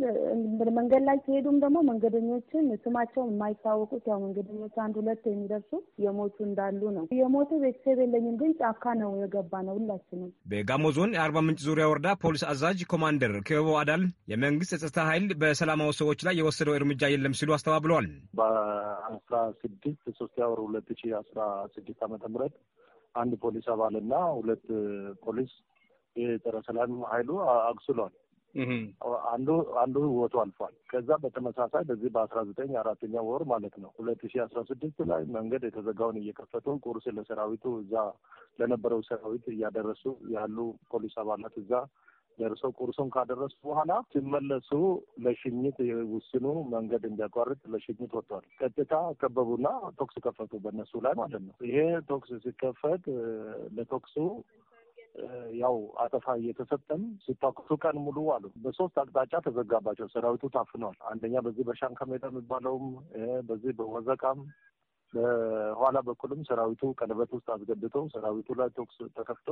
መንገድ ላይ ሲሄዱም ደግሞ መንገደኞችን ስማቸው የማይታወቁት ያው መንገደኞች አንድ ሁለት የሚደርሱ የሞቱ እንዳሉ ነው። የሞቱ ቤተሰብ የለኝም፣ ግን ጫካ ነው የገባ ነው ሁላችንም። በጋሞ ዞን የአርባ ምንጭ ዙሪያ ወረዳ ፖሊስ አዛዥ ኮማንደር ኬቦ አዳል የመንግስት የጸጥታ ኃይል በሰላማዊ ሰዎች ላይ የወሰደው እርምጃ የለም ሲሉ አስተባብለዋል። በአስራ ስድስት ሶስት ወር ሁለት ሺ አስራ ስድስት ዓመተ ምህረት አንድ ፖሊስ አባልና ሁለት ፖሊስ የጸረ ሰላም ኃይሉ አቁስሏል። አንዱ አንዱ ህይወቱ አልፏል። ከዛ በተመሳሳይ በዚህ በአስራ ዘጠኝ አራተኛ ወር ማለት ነው ሁለት ሺ አስራ ስድስት ላይ መንገድ የተዘጋውን እየከፈቱን ቁርስ ለሰራዊቱ እዛ ለነበረው ሰራዊት እያደረሱ ያሉ ፖሊስ አባላት እዛ ደርሰው ቁርሱን ካደረሱ በኋላ ሲመለሱ ለሽኝት ውስኑ መንገድ እንዲያቋርጥ ለሽኝት ወጥቷል። ቀጥታ ከበቡና ቶክስ ከፈቱ በነሱ ላይ ማለት ነው። ይሄ ቶክስ ሲከፈት ለቶክሱ ያው አጠፋ እየተሰጠም ሲታክሱ ቀን ሙሉ አሉ። በሶስት አቅጣጫ ተዘጋባቸው። ሰራዊቱ ታፍኗል አንደኛ በዚህ በሻንካ ሜዳ የሚባለውም በዚህ በወዘቃም በኋላ በኩልም ሰራዊቱ ቀለበት ውስጥ አስገድቶ ሰራዊቱ ላይ ቶክስ ተከፍቶ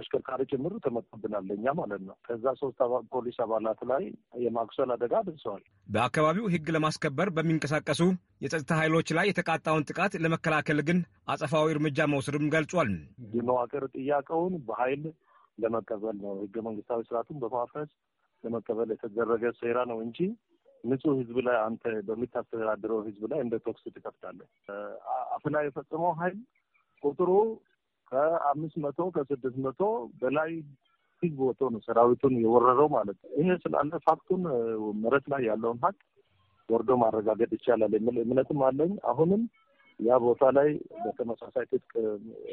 ተሽከርካሪ ጭምሩ ተመቶብናል፣ ለእኛ ማለት ነው። ከዛ ሶስት ፖሊስ አባላት ላይ የማክሰል አደጋ ደርሰዋል። በአካባቢው ህግ ለማስከበር በሚንቀሳቀሱ የጸጥታ ኃይሎች ላይ የተቃጣውን ጥቃት ለመከላከል ግን አጸፋዊ እርምጃ መውሰድም ገልጿል። የመዋቅር ጥያቄውን በኃይል ለመቀበል ነው፣ ህገ መንግስታዊ ስርዓቱን በማፍረስ ለመቀበል የተደረገ ሴራ ነው እንጂ ንጹህ ህዝብ ላይ አንተ በሚታስተዳድረው ህዝብ ላይ እንደ ቶክስ ትከፍታለህ። አፍላ የፈጸመው ኃይል ቁጥሩ ከአምስት መቶ ከስድስት መቶ በላይ ህዝብ ወጥቶ ነው ሰራዊቱን የወረረው ማለት ነው። ይህ ስላለ ፋክቱን መሬት ላይ ያለውን ሀቅ ወርዶ ማረጋገጥ ይቻላል የሚል እምነትም አለኝ። አሁንም ያ ቦታ ላይ በተመሳሳይ ትጥቅ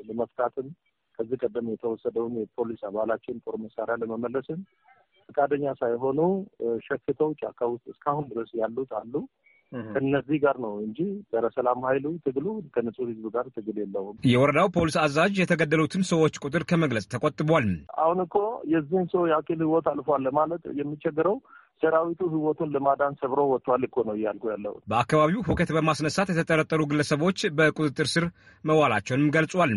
ለመፍታትም ከዚህ ቀደም የተወሰደውን የፖሊስ አባላችን ጦር መሳሪያ ለመመለስም ፈቃደኛ ሳይሆኑ ሸክተው ጫካ ውስጥ እስካሁን ድረስ ያሉት አሉ። ከነዚህ ጋር ነው እንጂ ጸረ ሰላም ኃይሉ ትግሉ ከንጹህ ህዝብ ጋር ትግል የለውም። የወረዳው ፖሊስ አዛዥ የተገደሉትን ሰዎች ቁጥር ከመግለጽ ተቆጥቧል። አሁን እኮ የዚህን ሰው ያክል ህይወት አልፏል ለማለት የሚቸገረው ሰራዊቱ ህይወቱን ለማዳን ሰብሮ ወጥቷል እኮ ነው እያልኩ ያለው። በአካባቢው ሁከት በማስነሳት የተጠረጠሩ ግለሰቦች በቁጥጥር ስር መዋላቸውንም ገልጿል።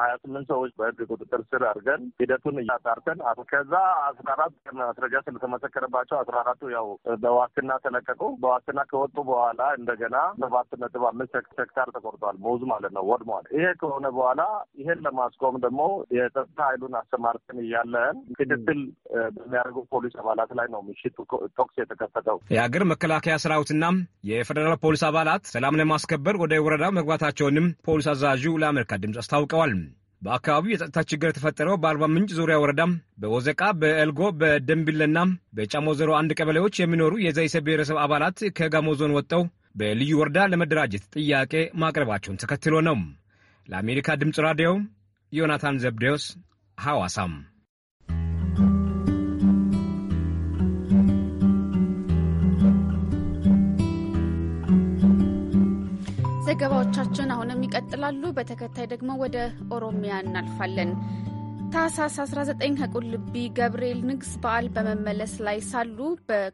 ሀያ ስምንት ሰዎች በህግ ቁጥጥር ስር አድርገን ሂደቱን እያጣርተን ከዛ አስራ አራት ማስረጃ ስለተመሰከረባቸው አስራ አራቱ ያው በዋስትና ተለቀቁ። በዋስትና ከወጡ በኋላ እንደገና ሰባት ነጥብ አምስት ሄክታር ተቆርጧል። ሙዝ ማለት ነው ወድሟል። ይሄ ከሆነ በኋላ ይሄን ለማስቆም ደግሞ የጸጥታ ኃይሉን አሰማርተን እያለን ክትትል በሚያደርጉ ፖሊስ አባላት ላይ ነው ምሽት ቶክስ የተከፈተው። የአገር መከላከያ ሰራዊትና የፌዴራል ፖሊስ አባላት ሰላም ለማስከበር ወደ ወረዳ መግባታቸውንም ፖሊስ አዛዡ ለአሜሪካ ድምፅ አስታውቀዋል። በአካባቢው የጸጥታ ችግር የተፈጠረው በአርባ ምንጭ ዙሪያ ወረዳ በወዘቃ፣ በኤልጎ፣ በደንቢለና በጫሞ አንድ ቀበሌዎች የሚኖሩ የዘይሰብ ብሔረሰብ አባላት ከጋሞ ዞን ወጥተው በልዩ ወረዳ ለመደራጀት ጥያቄ ማቅረባቸውን ተከትሎ ነው። ለአሜሪካ ድምፅ ራዲዮ ዮናታን ዘብዴዎስ ሐዋሳም ዘገባዎቻችን አሁንም ይቀጥላሉ። በተከታይ ደግሞ ወደ ኦሮሚያ እናልፋለን። ታህሳስ 19 ከቁልቢ ገብርኤል ንግስ በዓል በመመለስ ላይ ሳሉ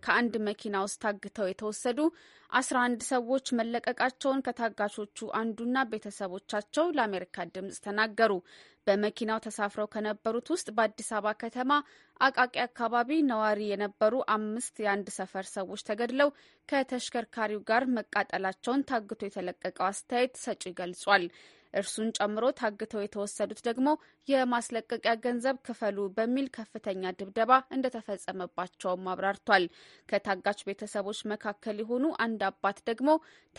ከአንድ መኪና ውስጥ ታግተው የተወሰዱ 11 ሰዎች መለቀቃቸውን ከታጋቾቹ አንዱና ቤተሰቦቻቸው ለአሜሪካ ድምፅ ተናገሩ። በመኪናው ተሳፍረው ከነበሩት ውስጥ በአዲስ አበባ ከተማ አቃቂ አካባቢ ነዋሪ የነበሩ አምስት የአንድ ሰፈር ሰዎች ተገድለው ከተሽከርካሪው ጋር መቃጠላቸውን ታግቶ የተለቀቀው አስተያየት ሰጪ ገልጿል። እርሱን ጨምሮ ታግተው የተወሰዱት ደግሞ የማስለቀቂያ ገንዘብ ክፈሉ በሚል ከፍተኛ ድብደባ እንደተፈጸመባቸውም አብራርቷል። ከታጋች ቤተሰቦች መካከል የሆኑ አንድ አባት ደግሞ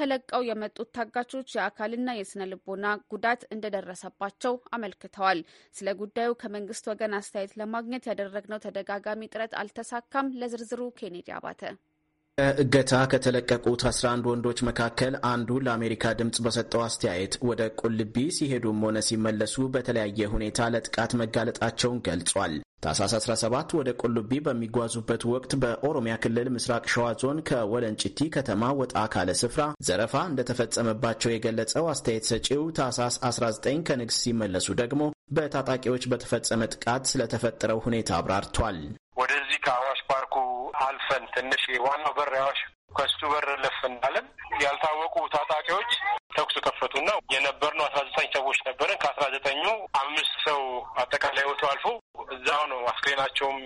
ተለቀው የመጡት ታጋቾች የአካልና የስነ ልቦና ጉዳት እንደደረሰባቸው አመልክተዋል። ስለ ጉዳዩ ከመንግስት ወገን አስተያየት ለማግኘት ያደረግነው ተደጋጋሚ ጥረት አልተሳካም። ለዝርዝሩ ኬኔዲ አባተ ከእገታ ከተለቀቁት 11 ወንዶች መካከል አንዱ ለአሜሪካ ድምፅ በሰጠው አስተያየት ወደ ቁልቢ ሲሄዱም ሆነ ሲመለሱ በተለያየ ሁኔታ ለጥቃት መጋለጣቸውን ገልጿል። ታህሳስ 17 ወደ ቁልቢ በሚጓዙበት ወቅት በኦሮሚያ ክልል ምስራቅ ሸዋ ዞን ከወለንጭቲ ከተማ ወጣ ካለ ስፍራ ዘረፋ እንደተፈጸመባቸው የገለጸው አስተያየት ሰጪው ታህሳስ 19 ከንግስ ሲመለሱ ደግሞ በታጣቂዎች በተፈጸመ ጥቃት ስለተፈጠረው ሁኔታ አብራርቷል። ወደዚህ ከአዋሽ ፓርኩ አልፈን ትንሽ ዋናው በር አዋሽ ከሱ በር ለፍ እንዳለን ያልታወቁ ታጣቂዎች ተኩስ ከፈቱና የነበርነው አስራ ዘጠኝ ሰዎች ነበርን። ከአስራ ዘጠኙ አምስት ሰው አጠቃላይ ወቶ አልፎ እዛው ነው አስክሬናቸውም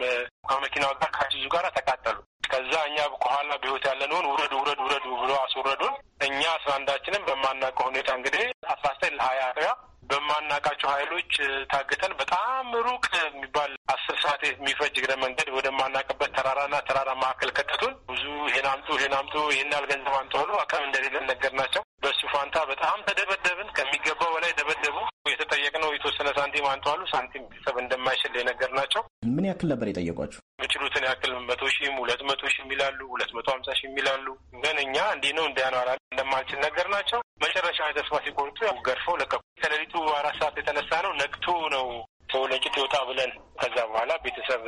ከመኪናው ጋር ከአሲዙ ጋር ተቃጠሉ። ከዛ እኛ ከኋላ በህይወት ያለንሆን ውረዱ ውረዱ ውረዱ ብሎ አስወረዱን። እኛ አስራ አንዳችንም በማናውቀው ሁኔታ እንግዲህ አስራ ዘጠኝ ለሀያ ያ በማናቃቸው ኃይሎች ታግተን በጣም ሩቅ የሚባል አስር ሰዓት የሚፈጅ እግረ መንገድ ወደማናቅበት ተራራና ተራራ መካከል ከተቱን። ብዙ ይሄን አምጡ፣ ይሄን አምጡ፣ ይሄን ያህል ገንዘብ አምጡ አቅም እንደሌለን ነገር ናቸው። በሱ ፋንታ በጣም ተደበደብን። ከሚገባው በላይ ደበደቡ። የተጠየቅነው የተወሰነ ሳንቲም አንተዋሉ። ሳንቲም ሰብ እንደማይችል የነገር ናቸው። ምን ያክል ነበር የጠየቋቸው? የሚችሉትን ያክል መቶ ሺህም ሁለት መቶ ሺህ ይላሉ። ሁለት መቶ ሀምሳ ሺህ ይላሉ። ግን እኛ እንዲህ ነው እንዲያኗራል እንደማንችል ነገር ናቸው። መጨረሻ ተስፋ ሲቆርጡ ገርፈው ለቀቁ። ከሌሊቱ አራት ሰዓት የተነሳ ነው። ነግቶ ነው ሰው ይወጣ ብለን ከዛ በኋላ ቤተሰብ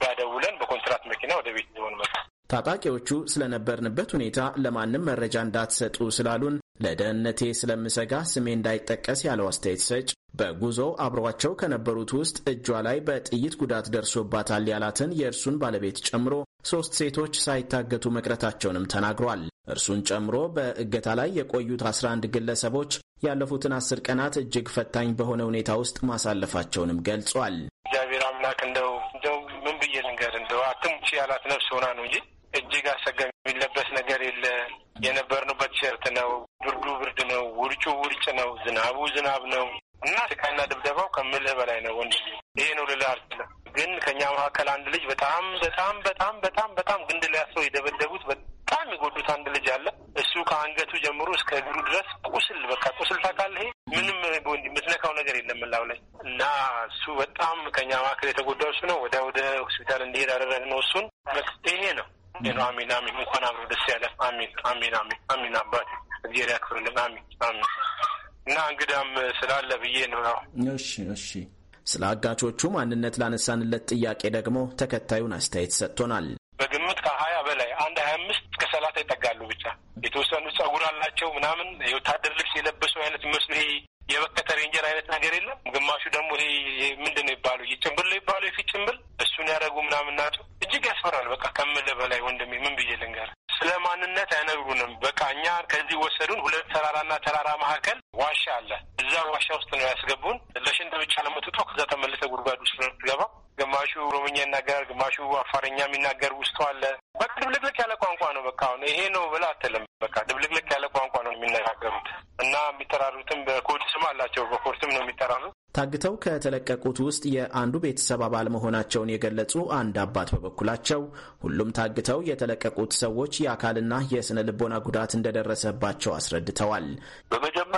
ባደውለን በኮንትራት መኪና ወደ ቤት ሊሆን መጣ። ታጣቂዎቹ ስለነበርንበት ሁኔታ ለማንም መረጃ እንዳትሰጡ ስላሉን ለደህንነቴ ስለምሰጋ ስሜ እንዳይጠቀስ ያለው አስተያየት ሰጭ በጉዞ አብሯቸው ከነበሩት ውስጥ እጇ ላይ በጥይት ጉዳት ደርሶባታል ያላትን የእርሱን ባለቤት ጨምሮ ሶስት ሴቶች ሳይታገቱ መቅረታቸውንም ተናግሯል። እርሱን ጨምሮ በእገታ ላይ የቆዩት 11 ግለሰቦች ያለፉትን አስር ቀናት እጅግ ፈታኝ በሆነ ሁኔታ ውስጥ ማሳለፋቸውንም ገልጿል። እግዚአብሔር አምላክ እንደው እንደው ምን ብዬ ልንገር እንደው አትሙች ያላት ነፍስ ሆና ነው እንጂ እጅግ አሰጋሚ የሚለበስ ነገር የለ። የነበርንበት ሸርት ነው። ብርዱ ብርድ ነው። ውርጩ ውርጭ ነው። ዝናቡ ዝናብ ነው እና ስቃይና ድብደባው ከምልህ በላይ ነው። ወንድ ይሄ ነው ልልህ አልችልም። ግን ከእኛ መካከል አንድ ልጅ በጣም በጣም በጣም በጣም በጣም ግንድ ላይ አስረው የደበደቡት በጣም የጎዱት አንድ ልጅ አለ። እሱ ከአንገቱ ጀምሮ እስከ እግሩ ድረስ ቁስል በቃ ቁስል ታውቃለህ። ይሄ ምንም የምትነካው ነገር የለም ላው ላይ እና እሱ በጣም ከኛ መካከል የተጎዳው እሱ ነው። ወደ ወደ ሆስፒታል እንዲሄድ አደረግነው። እሱን ይሄ ነው ነው። አሚን አሚን። እንኳን አብሮ ደስ ያለ። አሚን አሚን አሚን አሚን። አባቴ እግዜር ያክብርልን። አሚን አሚን። እና እንግዳም ስላለ ብዬ ነው ያው። እሺ እሺ። ስለ አጋቾቹ ማንነት ላነሳንለት ጥያቄ ደግሞ ተከታዩን አስተያየት ሰጥቶናል። በግምት ከሀያ በላይ አንድ ሀያ አምስት እስከ ሰላሳ ይጠጋሉ። ብቻ የተወሰኑ ጸጉር አላቸው ምናምን የወታደር ልብስ የለበሱ አይነት መስሉ ይሄ የበከተ ሬንጀር አይነት ነገር የለም። ግማሹ ደግሞ ይሄ ምንድን ነው ይባሉ ጭንብል ነው ይባሉ የፊት ጭንብል እሱን ያደረጉ ምናምን ናቸው። እጅግ ያስፈራል። በቃ ከምልህ በላይ ወንድሜ ምን ብዬ ልንገር ስለ ማንነት አይነግሩንም። በቃ እኛ ከዚህ ወሰዱን። ሁለት ተራራና ተራራ መካከል አፋረኛ የሚናገር ውስጡ አለ። በቃ ድብልቅልቅ ያለ ቋንቋ ነው። በቃ አሁን ይሄ ነው ብላ አትልም። በቃ ድብልቅልቅ ያለ ቋንቋ ነው የሚነጋገሩት እና የሚጠራሩትም በኮድ ስም አላቸው። በኮድ ስም ነው የሚጠራሩት። ታግተው ከተለቀቁት ውስጥ የአንዱ ቤተሰብ አባል መሆናቸውን የገለጹ አንድ አባት በበኩላቸው ሁሉም ታግተው የተለቀቁት ሰዎች የአካልና የስነ ልቦና ጉዳት እንደደረሰባቸው አስረድተዋል። በመጀመ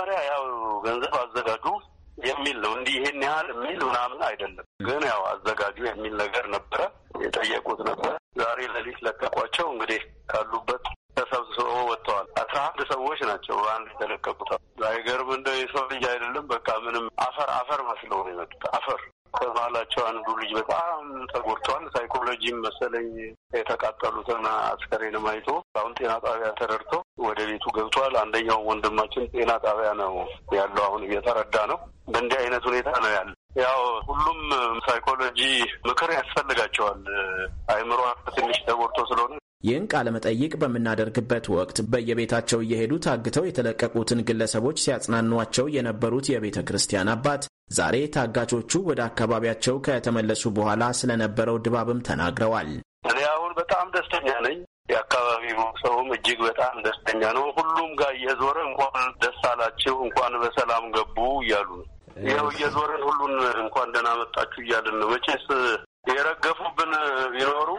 ለመጠይቅ በምናደርግበት ወቅት በየቤታቸው እየሄዱ ታግተው የተለቀቁትን ግለሰቦች ሲያጽናኗቸው የነበሩት የቤተ ክርስቲያን አባት ዛሬ ታጋቾቹ ወደ አካባቢያቸው ከተመለሱ በኋላ ስለነበረው ድባብም ተናግረዋል። እኔ አሁን በጣም ደስተኛ ነኝ። የአካባቢው ሰውም እጅግ በጣም ደስተኛ ነው። ሁሉም ጋር እየዞረ እንኳን ደስ አላችሁ፣ እንኳን በሰላም ገቡ እያሉ ነው። ይኸው እየዞረን ሁሉን እንኳን ደህና መጣችሁ እያልን ነው። መቼስ የረገፉብን ቢኖሩ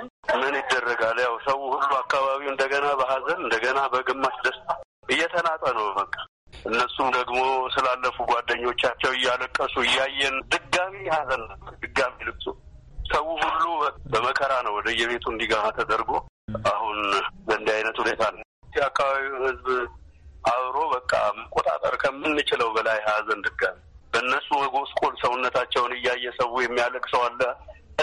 ምን ይደረጋል? ያው ሰው ሁሉ አካባቢው እንደገና በሀዘን እንደገና በግማሽ ደስታ እየተናጠ ነው። በቃ እነሱም ደግሞ ስላለፉ ጓደኞቻቸው እያለቀሱ እያየን ድጋሚ ሀዘን ድጋሚ ልብሱ ሰው ሁሉ በመከራ ነው ወደ የቤቱ እንዲገባ ተደርጎ አሁን በእንዲህ አይነት ሁኔታ ነው የአካባቢው ህዝብ አብሮ በቃ መቆጣጠር ከምንችለው በላይ ሀዘን ድጋሚ በእነሱ ጎስቆል ሰውነታቸውን እያየ ሰው ሰው አለ።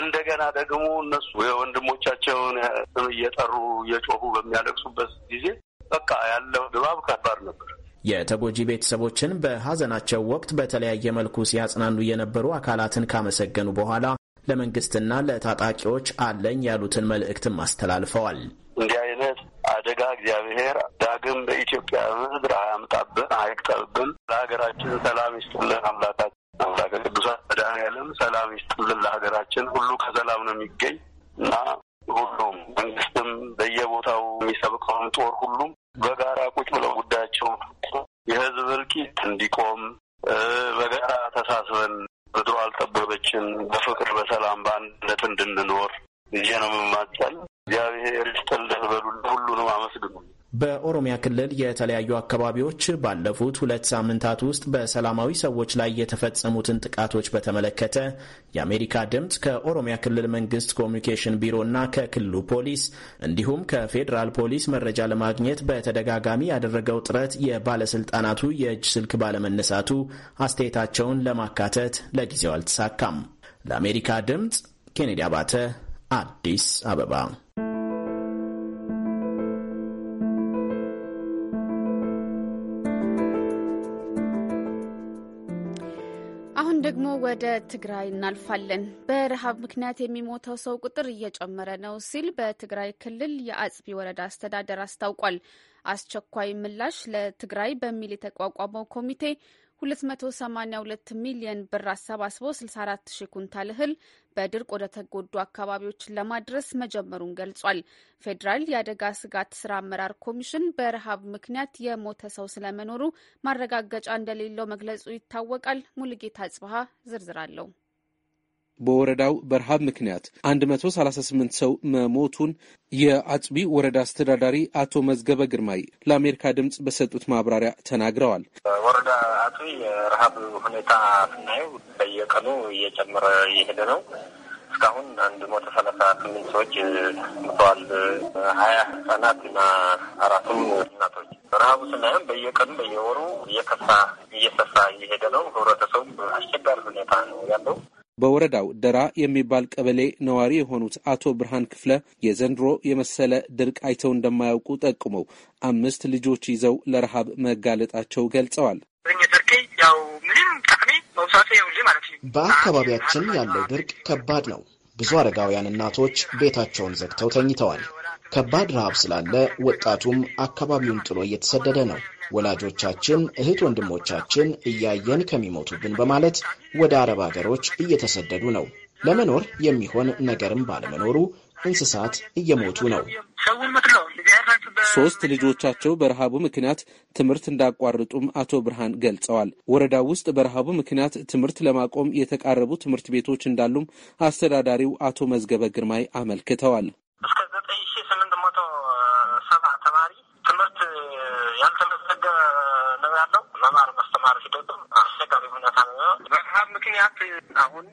እንደገና ደግሞ እነሱ የወንድሞቻቸውን ስም እየጠሩ እየጮሁ በሚያለቅሱበት ጊዜ በቃ ያለው ድባብ ከባድ ነበር። የተጎጂ ቤተሰቦችን በሀዘናቸው ወቅት በተለያየ መልኩ ሲያጽናኑ የነበሩ አካላትን ካመሰገኑ በኋላ ለመንግስትና ለታጣቂዎች አለኝ ያሉትን መልእክትም አስተላልፈዋል። እንዲህ አይነት አደጋ እግዚአብሔር ዳግም በኢትዮጵያ ምድር አያምጣብን፣ አይቅጠብብን። ለሀገራችን ሰላም ይስጥልን አምላካችን አምላከ ቅዱሳን መድኃኔዓለም ሰላም ይስጥልን ለሀገራችን። ሁሉ ከሰላም ነው የሚገኝ እና ሁሉም መንግስትም በየቦታው የሚሰብቀውን ጦር ሁሉም በጋራ ቁጭ ብለው ጉዳያቸውን የህዝብ እልቂት እንዲቆም በጋራ ተሳስበን ምድሮ አልጠበበችን በፍቅር በሰላም በአንድነት እንድንኖር ይዤ ነው የምማጸን። እግዚአብሔር ይስጥልን በሉ ሁሉንም አመስግኑ። በኦሮሚያ ክልል የተለያዩ አካባቢዎች ባለፉት ሁለት ሳምንታት ውስጥ በሰላማዊ ሰዎች ላይ የተፈጸሙትን ጥቃቶች በተመለከተ የአሜሪካ ድምፅ ከኦሮሚያ ክልል መንግስት ኮሚኒኬሽን ቢሮ እና ከክልሉ ፖሊስ እንዲሁም ከፌዴራል ፖሊስ መረጃ ለማግኘት በተደጋጋሚ ያደረገው ጥረት የባለስልጣናቱ የእጅ ስልክ ባለመነሳቱ አስተያየታቸውን ለማካተት ለጊዜው አልተሳካም። ለአሜሪካ ድምፅ ኬኔዲ አባተ አዲስ አበባ ወደ ትግራይ እናልፋለን። በረሃብ ምክንያት የሚሞተው ሰው ቁጥር እየጨመረ ነው ሲል በትግራይ ክልል የአጽቢ ወረዳ አስተዳደር አስታውቋል። አስቸኳይ ምላሽ ለትግራይ በሚል የተቋቋመው ኮሚቴ 282 ሚሊየን ብር አሰባስቦ 64 ሺህ ኩንታል እህል በድርቅ ወደ ተጎዱ አካባቢዎች ለማድረስ መጀመሩን ገልጿል። ፌዴራል የአደጋ ስጋት ስራ አመራር ኮሚሽን በረሃብ ምክንያት የሞተ ሰው ስለመኖሩ ማረጋገጫ እንደሌለው መግለጹ ይታወቃል። ሙልጌታ ጽብሃ ዝርዝር አለው። በወረዳው በረሃብ ምክንያት 138 ሰው መሞቱን የአጽቢ ወረዳ አስተዳዳሪ አቶ መዝገበ ግርማይ ለአሜሪካ ድምፅ በሰጡት ማብራሪያ ተናግረዋል። ወረዳ አጽቢ የረሃብ ሁኔታ ስናየው በየቀኑ እየጨመረ እየሄደ ነው። እስካሁን አንድ መቶ ሰላሳ ስምንት ሰዎች ሞተዋል። ሀያ ህጻናት እና አራቱም እናቶች። ረሃቡ ስናየም በየቀኑ በየወሩ እየከፋ እየሰፋ እየሄደ ነው። ህብረተሰቡም አስቸጋሪ ሁኔታ ነው ያለው። በወረዳው ደራ የሚባል ቀበሌ ነዋሪ የሆኑት አቶ ብርሃን ክፍለ የዘንድሮ የመሰለ ድርቅ አይተው እንደማያውቁ ጠቁመው አምስት ልጆች ይዘው ለረሃብ መጋለጣቸው ገልጸዋል። በአካባቢያችን ያለው ድርቅ ከባድ ነው። ብዙ አረጋውያን እናቶች ቤታቸውን ዘግተው ተኝተዋል። ከባድ ረሃብ ስላለ ወጣቱም አካባቢውን ጥሎ እየተሰደደ ነው። ወላጆቻችን፣ እህት ወንድሞቻችን እያየን ከሚሞቱብን በማለት ወደ አረብ አገሮች እየተሰደዱ ነው። ለመኖር የሚሆን ነገርም ባለመኖሩ እንስሳት እየሞቱ ነው። ሶስት ልጆቻቸው በረሃቡ ምክንያት ትምህርት እንዳቋርጡም አቶ ብርሃን ገልጸዋል። ወረዳው ውስጥ በረሃቡ ምክንያት ትምህርት ለማቆም የተቃረቡ ትምህርት ቤቶች እንዳሉም አስተዳዳሪው አቶ መዝገበ ግርማይ አመልክተዋል። አሁን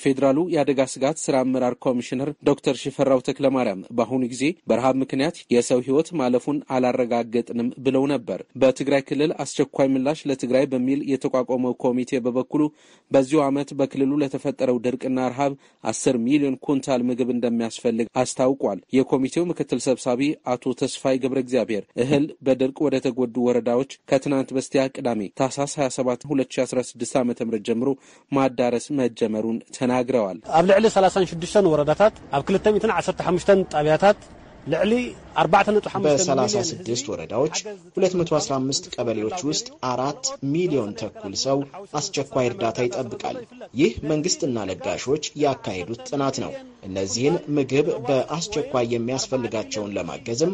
የፌዴራሉ የአደጋ ስጋት ስራ አመራር ኮሚሽነር ዶክተር ሽፈራው ተክለማርያም በአሁኑ ጊዜ በረሃብ ምክንያት የሰው ህይወት ማለፉን አላረጋገጥንም ብለው ነበር። በትግራይ ክልል አስቸኳይ ምላሽ ለትግራይ በሚል የተቋቋመው ኮሚቴ በበኩሉ በዚሁ ዓመት በክልሉ ለተፈጠረው ድርቅና ረሃብ አስር ሚሊዮን ኩንታል ምግብ እንደሚያስፈልግ አስታውቋል። የኮሚቴው ምክትል ሰብሳቢ አቶ ተስፋይ ገብረ እግዚአብሔር እህል በድርቅ ወደ ተጎዱ ወረዳዎች ከትናንት በስቲያ ቅዳሜ ታህሳስ 27 2016 ዓ ም ጀምሮ ማዳረስ መጀመሩን ተናግረዋል። ተናግረዋል። ኣብ ልዕሊ 36 ወረዳታት ኣብ 215 ጣብያታት በ36 ወረዳዎች 215 ቀበሌዎች ውስጥ አራት ሚሊዮን ተኩል ሰው አስቸኳይ እርዳታ ይጠብቃል። ይህ መንግስትና ለጋሾች ያካሄዱት ጥናት ነው። እነዚህን ምግብ በአስቸኳይ የሚያስፈልጋቸውን ለማገዝም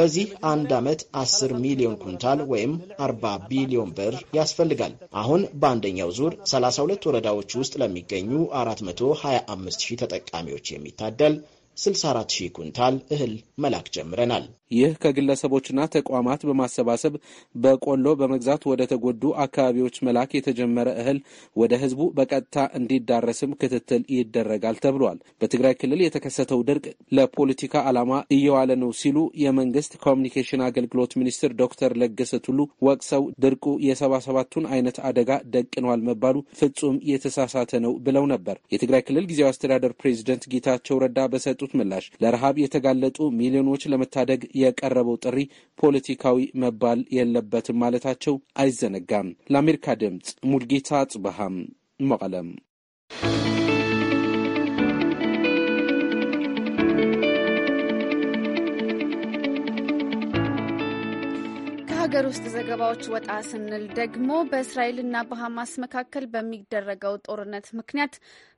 በዚህ አንድ ዓመት 10 ሚሊዮን ኩንታል ወይም 40 ቢሊዮን ብር ያስፈልጋል። አሁን በአንደኛው ዙር 32 ወረዳዎች ውስጥ ለሚገኙ 425 ሺህ ተጠቃሚዎች የሚታደል 64 ሺህ ኩንታል እህል መላክ ጀምረናል። ይህ ከግለሰቦችና ተቋማት በማሰባሰብ በቆሎ በመግዛት ወደ ተጎዱ አካባቢዎች መላክ የተጀመረ እህል ወደ ህዝቡ በቀጥታ እንዲዳረስም ክትትል ይደረጋል ተብሏል። በትግራይ ክልል የተከሰተው ድርቅ ለፖለቲካ ዓላማ እየዋለ ነው ሲሉ የመንግስት ኮሚኒኬሽን አገልግሎት ሚኒስትር ዶክተር ለገሰ ቱሉ ወቅሰው ድርቁ የሰባሰባቱን አይነት አደጋ ደቅነዋል መባሉ ፍጹም የተሳሳተ ነው ብለው ነበር። የትግራይ ክልል ጊዜያዊ አስተዳደር ፕሬዚደንት ጌታቸው ረዳ በሰጡ በሰጡት ምላሽ ለረሃብ የተጋለጡ ሚሊዮኖች ለመታደግ የቀረበው ጥሪ ፖለቲካዊ መባል የለበትም ማለታቸው አይዘነጋም። ለአሜሪካ ድምፅ ሙልጌታ ጽበሃም መቀለም። ሀገር ውስጥ ዘገባዎች ወጣ ስንል ደግሞ በእስራኤልና በሐማስ መካከል በሚደረገው ጦርነት ምክንያት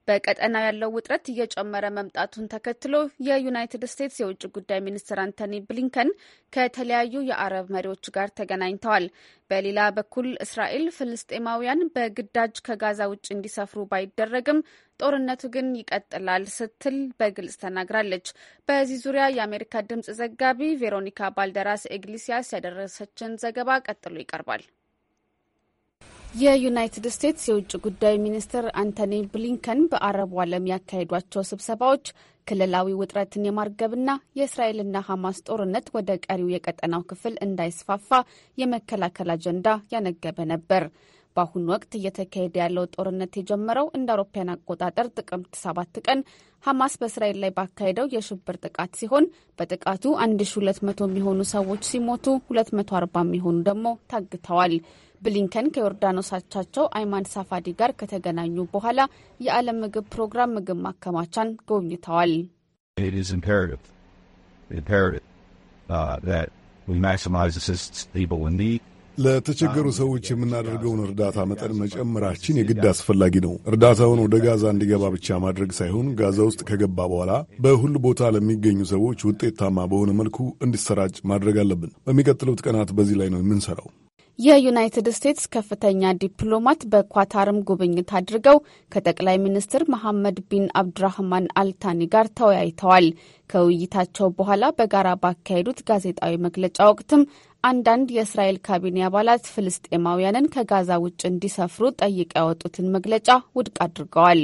በቀጠናው ያለው ውጥረት እየጨመረ መምጣቱን ተከትሎ የዩናይትድ ስቴትስ የውጭ ጉዳይ ሚኒስትር አንቶኒ ብሊንከን ከተለያዩ የአረብ መሪዎች ጋር ተገናኝተዋል። በሌላ በኩል እስራኤል ፍልስጤማውያን በግዳጅ ከጋዛ ውጭ እንዲሰፍሩ ባይደረግም ጦርነቱ ግን ይቀጥላል ስትል በግልጽ ተናግራለች። በዚህ ዙሪያ የአሜሪካ ድምጽ ዘጋቢ ቬሮኒካ ባልደራስ ኤግሊሲያስ ያደረሰችን ዘገባ ቀጥሎ ይቀርባል። የዩናይትድ ስቴትስ የውጭ ጉዳይ ሚኒስትር አንቶኒ ብሊንከን በአረቡ ዓለም ያካሄዷቸው ስብሰባዎች ክልላዊ ውጥረትን የማርገብና የእስራኤልና ሐማስ ጦርነት ወደ ቀሪው የቀጠናው ክፍል እንዳይስፋፋ የመከላከል አጀንዳ ያነገበ ነበር። በአሁኑ ወቅት እየተካሄደ ያለው ጦርነት የጀመረው እንደ አውሮፓውያን አቆጣጠር ጥቅምት ሰባት ቀን ሐማስ በእስራኤል ላይ ባካሄደው የሽብር ጥቃት ሲሆን በጥቃቱ 1200 የሚሆኑ ሰዎች ሲሞቱ 240 የሚሆኑ ደግሞ ታግተዋል። ብሊንከን ከዮርዳኖሳቻቸው አይማን ሳፋዲ ጋር ከተገናኙ በኋላ የዓለም ምግብ ፕሮግራም ምግብ ማከማቻን ጎብኝተዋል። uh, ለተቸገሩ um, ሰዎች የምናደርገውን እርዳታ መጠን መጨመራችን የግድ አስፈላጊ ነው። እርዳታውን ወደ ጋዛ እንዲገባ ብቻ ማድረግ ሳይሆን ጋዛ ውስጥ ከገባ በኋላ በሁሉ ቦታ ለሚገኙ ሰዎች ውጤታማ በሆነ መልኩ እንዲሰራጭ ማድረግ አለብን። በሚቀጥሉት ቀናት በዚህ ላይ ነው የምንሰራው። የዩናይትድ ስቴትስ ከፍተኛ ዲፕሎማት በኳታርም ጉብኝት አድርገው ከጠቅላይ ሚኒስትር መሐመድ ቢን አብዱራህማን አልታኒ ጋር ተወያይተዋል። ከውይይታቸው በኋላ በጋራ ባካሄዱት ጋዜጣዊ መግለጫ ወቅትም አንዳንድ የእስራኤል ካቢኔ አባላት ፍልስጤማውያንን ከጋዛ ውጭ እንዲሰፍሩ ጠይቀው ያወጡትን መግለጫ ውድቅ አድርገዋል።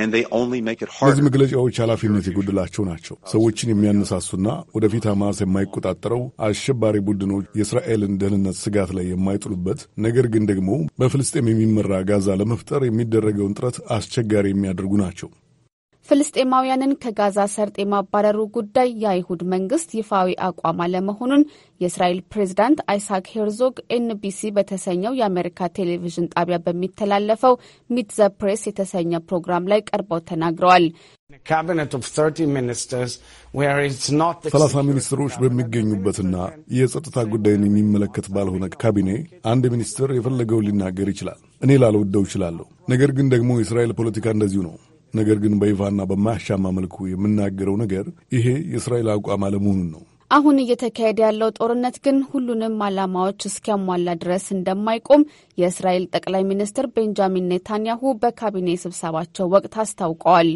እነዚህ መግለጫዎች ኃላፊነት የጎደላቸው ናቸው። ሰዎችን የሚያነሳሱና ወደፊት ሐማስ የማይቆጣጠረው አሸባሪ ቡድኖች የእስራኤልን ደህንነት ስጋት ላይ የማይጥሉበት ነገር ግን ደግሞ በፍልስጤም የሚመራ ጋዛ ለመፍጠር የሚደረገውን ጥረት አስቸጋሪ የሚያደርጉ ናቸው። ፍልስጤማውያንን ከጋዛ ሰርጥ የማባረሩ ጉዳይ የአይሁድ መንግስት ይፋዊ አቋም አለመሆኑን የእስራኤል ፕሬዝዳንት አይሳክ ሄርዞግ ኤንቢሲ በተሰኘው የአሜሪካ ቴሌቪዥን ጣቢያ በሚተላለፈው ሚት ዘ ፕሬስ የተሰኘ ፕሮግራም ላይ ቀርበው ተናግረዋል። ሰላሳ ሚኒስትሮች በሚገኙበትና የጸጥታ ጉዳይን የሚመለከት ባልሆነ ካቢኔ አንድ ሚኒስትር የፈለገው ሊናገር ይችላል። እኔ ላልወደው እችላለሁ። ነገር ግን ደግሞ የእስራኤል ፖለቲካ እንደዚሁ ነው። ነገር ግን በይፋና በማያሻማ መልኩ የምናገረው ነገር ይሄ የእስራኤል አቋም አለመሆኑን ነው። አሁን እየተካሄደ ያለው ጦርነት ግን ሁሉንም ዓላማዎች እስኪያሟላ ድረስ እንደማይቆም የእስራኤል ጠቅላይ ሚኒስትር ቤንጃሚን ኔታንያሁ በካቢኔ ስብሰባቸው ወቅት አስታውቀዋል።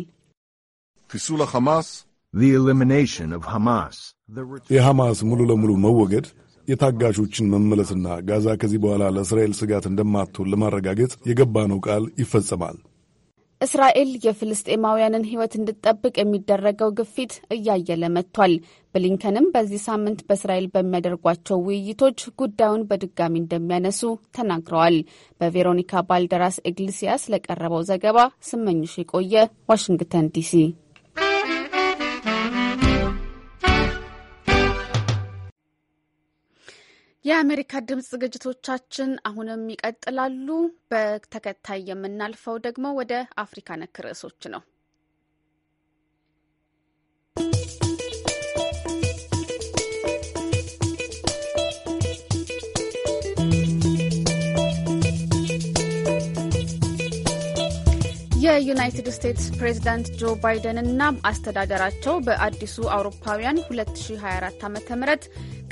የሐማስ ሙሉ ለሙሉ መወገድ የታጋሾችን መመለስና ጋዛ ከዚህ በኋላ ለእስራኤል ስጋት እንደማትሆን ለማረጋገጥ የገባነው ቃል ይፈጸማል። እስራኤል የፍልስጤማውያንን ሕይወት እንድጠብቅ የሚደረገው ግፊት እያየለ መጥቷል። ብሊንከንም በዚህ ሳምንት በእስራኤል በሚያደርጓቸው ውይይቶች ጉዳዩን በድጋሚ እንደሚያነሱ ተናግረዋል። በቬሮኒካ ባልደራስ ኤግሊሲያስ ለቀረበው ዘገባ ስመኝሽ የቆየ ዋሽንግተን ዲሲ የአሜሪካ ድምፅ ዝግጅቶቻችን አሁንም ይቀጥላሉ። በተከታይ የምናልፈው ደግሞ ወደ አፍሪካ ነክ ርዕሶች ነው። የዩናይትድ ስቴትስ ፕሬዝዳንት ጆ ባይደን እና አስተዳደራቸው በአዲሱ አውሮፓውያን 2024 ዓ ም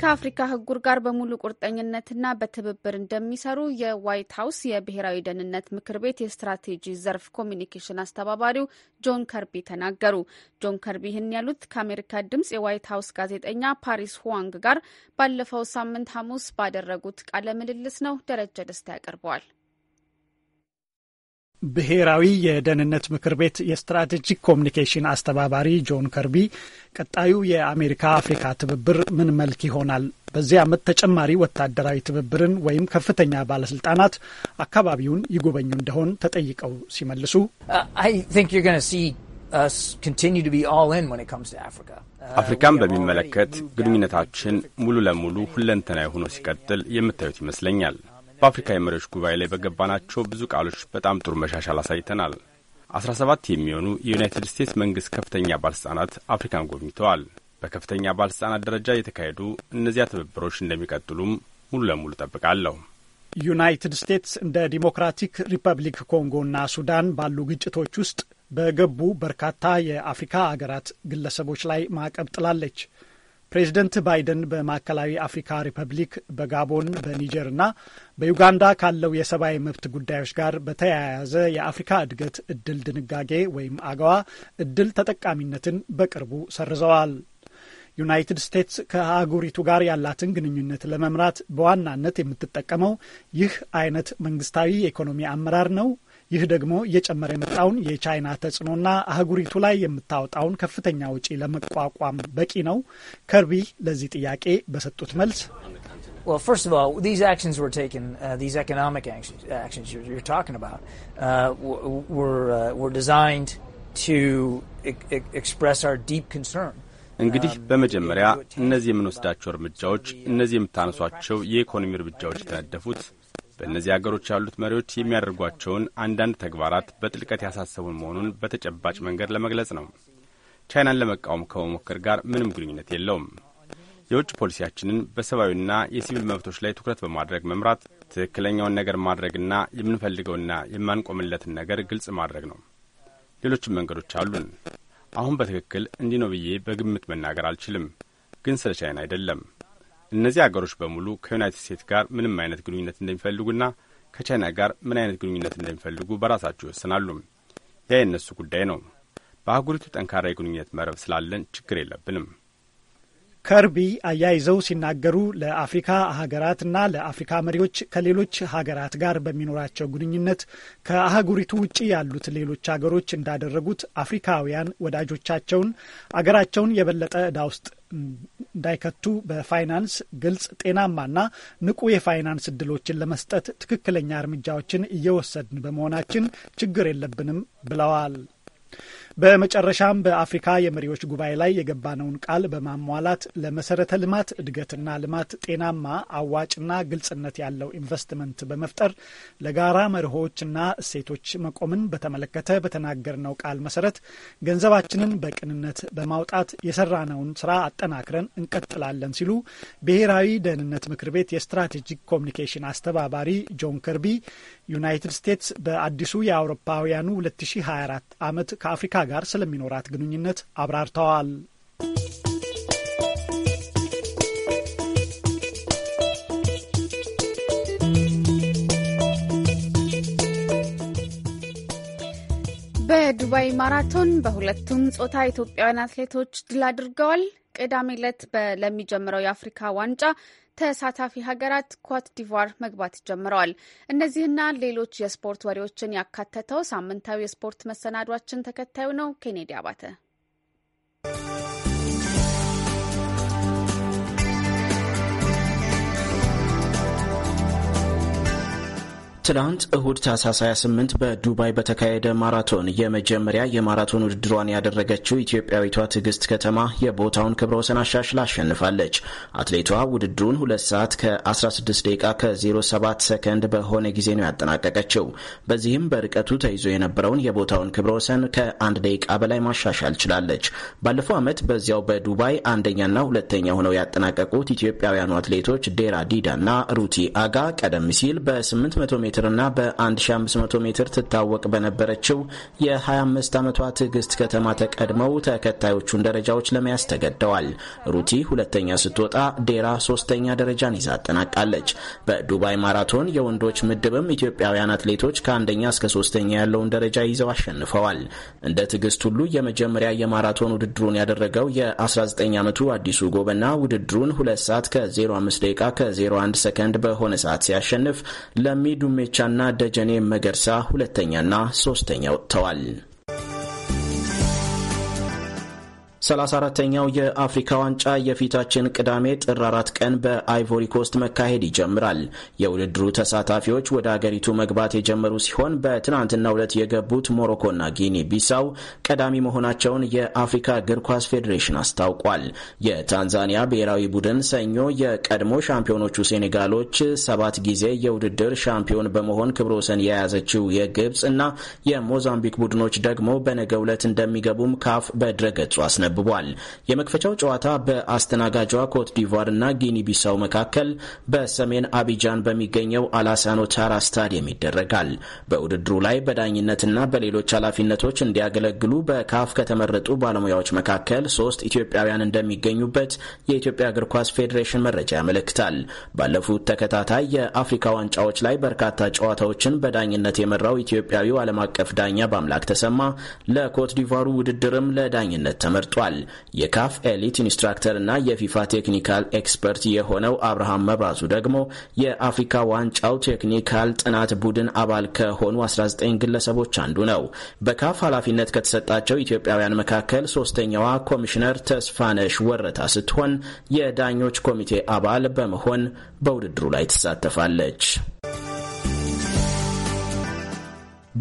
ከአፍሪካ ህጉር ጋር በሙሉ ቁርጠኝነትና በትብብር እንደሚሰሩ የዋይት ሀውስ የብሔራዊ ደህንነት ምክር ቤት የስትራቴጂ ዘርፍ ኮሚኒኬሽን አስተባባሪው ጆን ከርቢ ተናገሩ። ጆን ከርቢ ይህን ያሉት ከአሜሪካ ድምጽ የዋይት ሀውስ ጋዜጠኛ ፓሪስ ሁዋንግ ጋር ባለፈው ሳምንት ሐሙስ ባደረጉት ቃለ ምልልስ ነው። ደረጀ ደስታ ያቀርበዋል። ብሔራዊ የደህንነት ምክር ቤት የስትራቴጂክ ኮሚኒኬሽን አስተባባሪ ጆን ከርቢ ቀጣዩ የአሜሪካ አፍሪካ ትብብር ምን መልክ ይሆናል? በዚህ ዓመት ተጨማሪ ወታደራዊ ትብብርን ወይም ከፍተኛ ባለስልጣናት አካባቢውን ይጎበኙ እንደሆን ተጠይቀው ሲመልሱ uh, አፍሪካን በሚመለከት uh, ግንኙነታችን ሙሉ ለሙሉ ሁለንተናዊ ሆኖ ሲቀጥል የምታዩት ይመስለኛል። በአፍሪካ የመሪዎች ጉባኤ ላይ በገባናቸው ብዙ ቃሎች በጣም ጥሩ መሻሻል አሳይተናል። አስራ ሰባት የሚሆኑ የዩናይትድ ስቴትስ መንግሥት ከፍተኛ ባለሥልጣናት አፍሪካን ጎብኝተዋል። በከፍተኛ ባለሥልጣናት ደረጃ የተካሄዱ እነዚያ ትብብሮች እንደሚቀጥሉም ሙሉ ለሙሉ ጠብቃለሁ። ዩናይትድ ስቴትስ እንደ ዲሞክራቲክ ሪፐብሊክ ኮንጎና ሱዳን ባሉ ግጭቶች ውስጥ በገቡ በርካታ የአፍሪካ አገራት ግለሰቦች ላይ ማዕቀብ ጥላለች። ፕሬዚደንት ባይደን በማዕከላዊ አፍሪካ ሪፐብሊክ፣ በጋቦን፣ በኒጀርና በዩጋንዳ ካለው የሰብአዊ መብት ጉዳዮች ጋር በተያያዘ የአፍሪካ እድገት እድል ድንጋጌ ወይም አገዋ እድል ተጠቃሚነትን በቅርቡ ሰርዘዋል። ዩናይትድ ስቴትስ ከአህጉሪቱ ጋር ያላትን ግንኙነት ለመምራት በዋናነት የምትጠቀመው ይህ አይነት መንግስታዊ የኢኮኖሚ አመራር ነው። ይህ ደግሞ እየጨመረ የመጣውን የቻይና ተጽዕኖና አህጉሪቱ ላይ የምታወጣውን ከፍተኛ ውጪ ለመቋቋም በቂ ነው። ከርቢ ለዚህ ጥያቄ በሰጡት መልስ Well, first of all, these actions were taken, uh, these economic actions, actions you're, you're talking about, uh, were, uh, were designed to e e express our deep concern እንግዲህ um, በመጀመሪያ እነዚህ የምንወስዳቸው እርምጃዎች እነዚህ የምታነሷቸው የኢኮኖሚ እርምጃዎች የተነደፉት በእነዚህ አገሮች ያሉት መሪዎች የሚያደርጓቸውን አንዳንድ ተግባራት በጥልቀት ያሳሰቡን መሆኑን በተጨባጭ መንገድ ለመግለጽ ነው። ቻይናን ለመቃወም ከመሞከር ጋር ምንም ግንኙነት የለውም። የውጭ ፖሊሲያችንን በሰብአዊና የሲቪል መብቶች ላይ ትኩረት በማድረግ መምራት፣ ትክክለኛውን ነገር ማድረግና የምንፈልገውና የማንቆምለትን ነገር ግልጽ ማድረግ ነው። ሌሎችም መንገዶች አሉን። አሁን በትክክል እንዲህ ነው ብዬ በግምት መናገር አልችልም፣ ግን ስለ ቻይና አይደለም። እነዚህ አገሮች በሙሉ ከዩናይትድ ስቴትስ ጋር ምንም አይነት ግንኙነት እንደሚፈልጉና ከቻይና ጋር ምን አይነት ግንኙነት እንደሚፈልጉ በራሳቸው ይወስናሉ። ያ የእነሱ ጉዳይ ነው። በአህጉሪቱ ጠንካራ የግንኙነት መረብ ስላለን ችግር የለብንም። ከርቢ አያይዘው ሲናገሩ ለአፍሪካ ሀገራትና ለአፍሪካ መሪዎች ከሌሎች ሀገራት ጋር በሚኖራቸው ግንኙነት ከአህጉሪቱ ውጭ ያሉት ሌሎች ሀገሮች እንዳደረጉት አፍሪካውያን ወዳጆቻቸውን አገራቸውን የበለጠ እዳ ውስጥ እንዳይከቱ በፋይናንስ ግልጽ፣ ጤናማና ንቁ የፋይናንስ እድሎችን ለመስጠት ትክክለኛ እርምጃዎችን እየወሰድን በመሆናችን ችግር የለብንም ብለዋል። በመጨረሻም በአፍሪካ የመሪዎች ጉባኤ ላይ የገባነውን ቃል በማሟላት ለመሰረተ ልማት እድገትና ልማት ጤናማ አዋጭና ግልጽነት ያለው ኢንቨስትመንት በመፍጠር ለጋራ መርሆችና እሴቶች መቆምን በተመለከተ በተናገርነው ቃል መሰረት ገንዘባችንን በቅንነት በማውጣት የሰራነውን ስራ አጠናክረን እንቀጥላለን ሲሉ ብሔራዊ ደህንነት ምክር ቤት የስትራቴጂክ ኮሚኒኬሽን አስተባባሪ ጆን ከርቢ ዩናይትድ ስቴትስ በአዲሱ የአውሮፓውያኑ 2024 ዓመት ከአፍሪካ ጋር ስለሚኖራት ግንኙነት አብራርተዋል። በዱባይ ማራቶን በሁለቱም ጾታ ኢትዮጵያውያን አትሌቶች ድል አድርገዋል። ቅዳሜ ዕለት ለሚጀምረው የአፍሪካ ዋንጫ ተሳታፊ ሀገራት ኳት ዲቫር መግባት ጀምረዋል። እነዚህና ሌሎች የስፖርት ወሬዎችን ያካተተው ሳምንታዊ የስፖርት መሰናዷችን ተከታዩ ነው። ኬኔዲ አባተ ትናንት እሁድ ታህሳስ 28 በዱባይ በተካሄደ ማራቶን የመጀመሪያ የማራቶን ውድድሯን ያደረገችው ኢትዮጵያዊቷ ትዕግስት ከተማ የቦታውን ክብረ ወሰን አሻሽላ አሸንፋለች። አትሌቷ ውድድሩን ሁለት ሰዓት ከ16 ደቂቃ ከ07 ሰከንድ በሆነ ጊዜ ነው ያጠናቀቀችው። በዚህም በርቀቱ ተይዞ የነበረውን የቦታውን ክብረ ወሰን ከአንድ ደቂቃ በላይ ማሻሻል ችላለች። ባለፈው ዓመት በዚያው በዱባይ አንደኛና ሁለተኛ ሆነው ያጠናቀቁት ኢትዮጵያውያኑ አትሌቶች ዴራ ዲዳ እና ሩቲ አጋ ቀደም ሲል በ800 ሜ ሜትርና በ1500 ሜትር ትታወቅ በነበረችው የ25 ዓመቷ ትዕግስት ከተማ ተቀድመው ተከታዮቹን ደረጃዎች ለመያዝ ተገደዋል። ሩቲ ሁለተኛ ስትወጣ፣ ዴራ ሶስተኛ ደረጃን ይዛ አጠናቃለች። በዱባይ ማራቶን የወንዶች ምድብም ኢትዮጵያውያን አትሌቶች ከአንደኛ እስከ ሶስተኛ ያለውን ደረጃ ይዘው አሸንፈዋል። እንደ ትዕግስት ሁሉ የመጀመሪያ የማራቶን ውድድሩን ያደረገው የ19 ዓመቱ አዲሱ ጎበና ውድድሩን ሁለት ሰዓት ከ05 ደቂቃ ከ01 ሰከንድ በሆነ ሰዓት ሲያሸንፍ ለሚዱሜ ዳርቻና ደጀኔ መገርሳ ሁለተኛና ሶስተኛ ወጥተዋል። 34ተኛው የአፍሪካ ዋንጫ የፊታችን ቅዳሜ ጥር አራት ቀን በአይቮሪ ኮስት መካሄድ ይጀምራል። የውድድሩ ተሳታፊዎች ወደ አገሪቱ መግባት የጀመሩ ሲሆን በትናንትናው ዕለት የገቡት ሞሮኮና ጊኒ ቢሳው ቀዳሚ መሆናቸውን የአፍሪካ እግር ኳስ ፌዴሬሽን አስታውቋል። የታንዛኒያ ብሔራዊ ቡድን ሰኞ የቀድሞ ሻምፒዮኖቹ ሴኔጋሎች ሰባት ጊዜ የውድድር ሻምፒዮን በመሆን ክብረ ወሰን የያዘችው የግብፅ እና የሞዛምቢክ ቡድኖች ደግሞ በነገው ዕለት እንደሚገቡም ካፍ በድረገጹ አስነብ ተነብቧል። የመክፈቻው ጨዋታ በአስተናጋጇ ኮት ዲቫር እና ጊኒ ቢሳው መካከል በሰሜን አቢጃን በሚገኘው አላሳኖ ቻራ ስታዲየም ይደረጋል። በውድድሩ ላይ በዳኝነትና በሌሎች ኃላፊነቶች እንዲያገለግሉ በካፍ ከተመረጡ ባለሙያዎች መካከል ሶስት ኢትዮጵያውያን እንደሚገኙበት የኢትዮጵያ እግር ኳስ ፌዴሬሽን መረጃ ያመለክታል። ባለፉት ተከታታይ የአፍሪካ ዋንጫዎች ላይ በርካታ ጨዋታዎችን በዳኝነት የመራው ኢትዮጵያዊው ዓለም አቀፍ ዳኛ በአምላክ ተሰማ ለኮት ዲቫሩ ውድድርም ለዳኝነት ተመርጧል። ገልጿል። የካፍ ኤሊት ኢንስትራክተር እና የፊፋ ቴክኒካል ኤክስፐርት የሆነው አብርሃም መብራቱ ደግሞ የአፍሪካ ዋንጫው ቴክኒካል ጥናት ቡድን አባል ከሆኑ 19 ግለሰቦች አንዱ ነው። በካፍ ኃላፊነት ከተሰጣቸው ኢትዮጵያውያን መካከል ሶስተኛዋ ኮሚሽነር ተስፋነሽ ወረታ ስትሆን የዳኞች ኮሚቴ አባል በመሆን በውድድሩ ላይ ትሳተፋለች።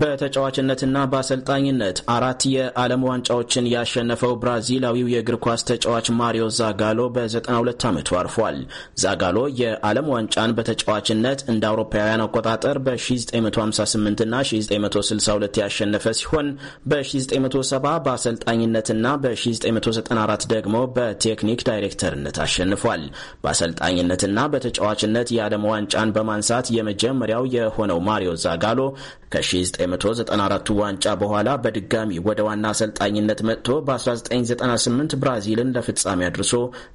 በተጫዋችነትና በአሰልጣኝነት አራት የዓለም ዋንጫዎችን ያሸነፈው ብራዚላዊው የእግር ኳስ ተጫዋች ማሪዮ ዛጋሎ በ92 ዓመቱ አርፏል። ዛጋሎ የዓለም ዋንጫን በተጫዋችነት እንደ አውሮፓውያን አቆጣጠር በ1958 እና 1962 ያሸነፈ ሲሆን በ1970 በአሰልጣኝነትና በ1994 ደግሞ በቴክኒክ ዳይሬክተርነት አሸንፏል። በአሰልጣኝነትና በተጫዋችነት የዓለም ዋንጫን በማንሳት የመጀመሪያው የሆነው ማሪዮ ዛጋሎ ከ ከ1994 ዋንጫ በኋላ በድጋሚ ወደ ዋና አሰልጣኝነት መጥቶ በ1998 ብራዚልን ለፍጻሜ አድርሶ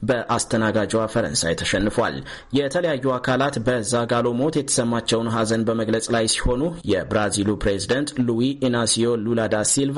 በአስተናጋጇ ፈረንሳይ ተሸንፏል። የተለያዩ አካላት በዛጋሎ ሞት የተሰማቸውን ሐዘን በመግለጽ ላይ ሲሆኑ የብራዚሉ ፕሬዝደንት ሉዊ ኢናሲዮ ሉላ ዳ ሲልቫ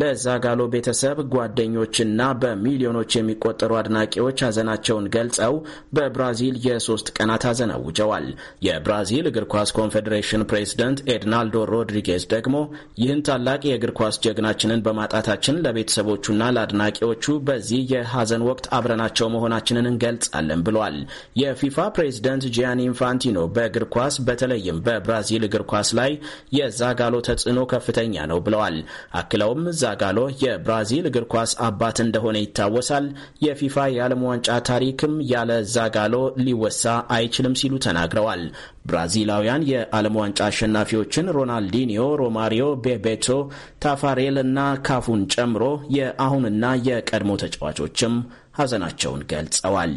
ለዛጋሎ ቤተሰብ፣ ጓደኞችና በሚሊዮኖች የሚቆጠሩ አድናቂዎች ሐዘናቸውን ገልጸው በብራዚል የሶስት ቀናት ሐዘን አውጀዋል። የብራዚል እግር ኳስ ኮንፌዴሬሽን ፕሬዝደንት ኤድናልዶ ሮድሪጌዝ ደግሞ ይህን ታላቅ የእግር ኳስ ጀግናችንን በማጣታችን ለቤተሰቦቹና ለአድናቂዎቹ በዚህ የሐዘን ወቅት አብረናቸው መሆናችንን እንገልጻለን ብሏል። የፊፋ ፕሬዝደንት ጂያኒ ኢንፋንቲኖ በእግር ኳስ በተለይም በብራዚል እግር ኳስ ላይ የዛጋሎ ተጽዕኖ ከፍተኛ ነው ብለዋል። አክለውም ዛጋሎ የብራዚል እግር ኳስ አባት እንደሆነ ይታወሳል። የፊፋ የዓለም ዋንጫ ታሪክም ያለ ዛጋሎ ሊወሳ አይችልም ሲሉ ተናግረዋል። ብራዚላውያን የዓለም ዋንጫ አሸናፊዎችን ሮናልዲኒዮ፣ ሮማሪዮ፣ ቤቤቶ፣ ታፋሬል እና ካፉን ጨምሮ የአሁንና የቀድሞ ተጫዋቾችም ሐዘናቸውን ገልጸዋል።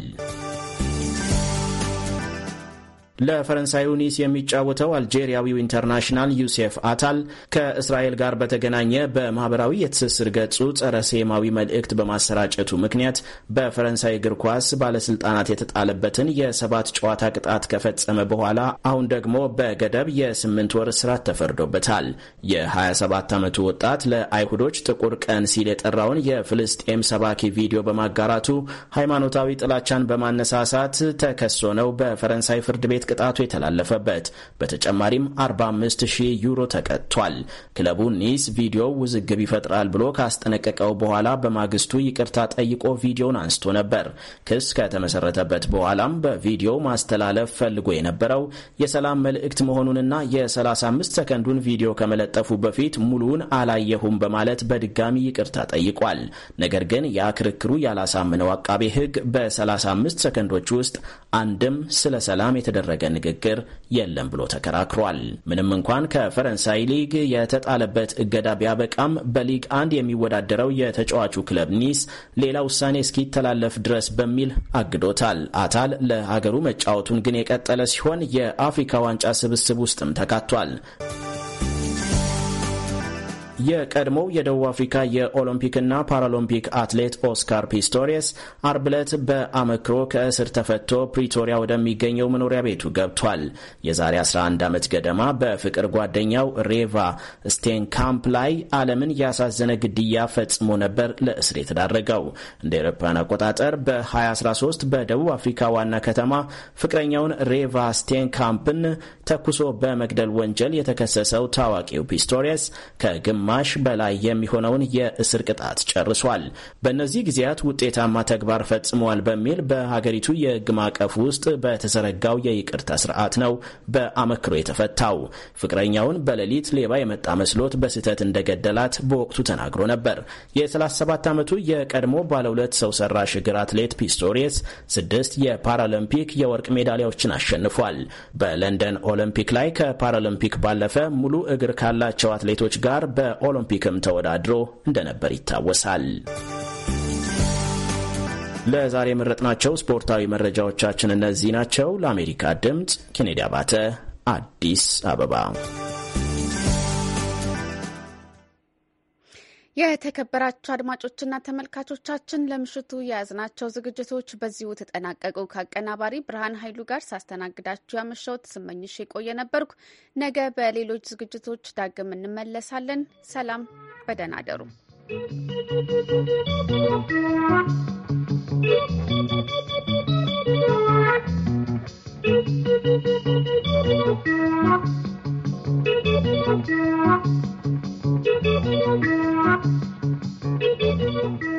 ለፈረንሳዩ ኒስ የሚጫወተው አልጄሪያዊው ኢንተርናሽናል ዩሴፍ አታል ከእስራኤል ጋር በተገናኘ በማህበራዊ የትስስር ገጹ ጸረ ሴማዊ መልእክት በማሰራጨቱ ምክንያት በፈረንሳይ እግር ኳስ ባለስልጣናት የተጣለበትን የሰባት ጨዋታ ቅጣት ከፈጸመ በኋላ አሁን ደግሞ በገደብ የስምንት ወር እስራት ተፈርዶበታል። የ27 ዓመቱ ወጣት ለአይሁዶች ጥቁር ቀን ሲል የጠራውን የፍልስጤም ሰባኪ ቪዲዮ በማጋራቱ ሃይማኖታዊ ጥላቻን በማነሳሳት ተከሶ ነው በፈረንሳይ ፍርድ ቤት ቅጣቱ የተላለፈበት በተጨማሪም 45 ሺህ ዩሮ ተቀጥቷል። ክለቡ ኒስ ቪዲዮው ውዝግብ ይፈጥራል ብሎ ካስጠነቀቀው በኋላ በማግስቱ ይቅርታ ጠይቆ ቪዲዮውን አንስቶ ነበር። ክስ ከተመሰረተበት በኋላም በቪዲዮ ማስተላለፍ ፈልጎ የነበረው የሰላም መልእክት መሆኑንና የ35 ሰከንዱን ቪዲዮ ከመለጠፉ በፊት ሙሉውን አላየሁም በማለት በድጋሚ ይቅርታ ጠይቋል። ነገር ግን ያ ክርክሩ ያላሳምነው አቃቤ ሕግ በ35 ሰከንዶች ውስጥ አንድም ስለ ሰላም የተደረገ የተደረገ ንግግር የለም ብሎ ተከራክሯል። ምንም እንኳን ከፈረንሳይ ሊግ የተጣለበት እገዳ ቢያበቃም በሊግ አንድ የሚወዳደረው የተጫዋቹ ክለብ ኒስ ሌላ ውሳኔ እስኪተላለፍ ድረስ በሚል አግዶታል። አታል ለሀገሩ መጫወቱን ግን የቀጠለ ሲሆን የአፍሪካ ዋንጫ ስብስብ ውስጥም ተካቷል። የቀድሞው የደቡብ አፍሪካ የኦሎምፒክና ፓራሎምፒክ አትሌት ኦስካር ፒስቶሪየስ አርብ ዕለት በአመክሮ ከእስር ተፈቶ ፕሪቶሪያ ወደሚገኘው መኖሪያ ቤቱ ገብቷል። የዛሬ 11 ዓመት ገደማ በፍቅር ጓደኛው ሬቫ ስቴን ካምፕ ላይ ዓለምን ያሳዘነ ግድያ ፈጽሞ ነበር ለእስር የተዳረገው። እንደ ኤሮፓውያን አቆጣጠር በ2013 በደቡብ አፍሪካ ዋና ከተማ ፍቅረኛውን ሬቫ ስቴን ካምፕን ተኩሶ በመግደል ወንጀል የተከሰሰው ታዋቂው ፒስቶሪየስ ከግማ ከግማሽ በላይ የሚሆነውን የእስር ቅጣት ጨርሷል። በእነዚህ ጊዜያት ውጤታማ ተግባር ፈጽመዋል በሚል በሀገሪቱ የህግ ማዕቀፍ ውስጥ በተዘረጋው የይቅርታ ስርዓት ነው በአመክሮ የተፈታው። ፍቅረኛውን በሌሊት ሌባ የመጣ መስሎት በስህተት እንደገደላት በወቅቱ ተናግሮ ነበር። የ37 ዓመቱ የቀድሞ ባለሁለት ሰው ሰራሽ እግር አትሌት ፒስቶሪየስ ስድስት የፓራሊምፒክ የወርቅ ሜዳሊያዎችን አሸንፏል። በለንደን ኦሎምፒክ ላይ ከፓራሊምፒክ ባለፈ ሙሉ እግር ካላቸው አትሌቶች ጋር በ በኦሎምፒክም ተወዳድሮ እንደነበር ይታወሳል። ለዛሬ የመረጥናቸው ስፖርታዊ መረጃዎቻችን እነዚህ ናቸው። ለአሜሪካ ድምፅ ኬኔዲ አባተ አዲስ አበባ የተከበራቸው አድማጮችና ተመልካቾቻችን ለምሽቱ የያዝናቸው ዝግጅቶች በዚሁ ተጠናቀቁ። ከአቀናባሪ ብርሃን ኃይሉ ጋር ሳስተናግዳችሁ ያመሸሁት ስመኝሽ የቆየ ነበርኩ። ነገ በሌሎች ዝግጅቶች ዳግም እንመለሳለን። ሰላም፣ በደህና አደሩ። Thank you.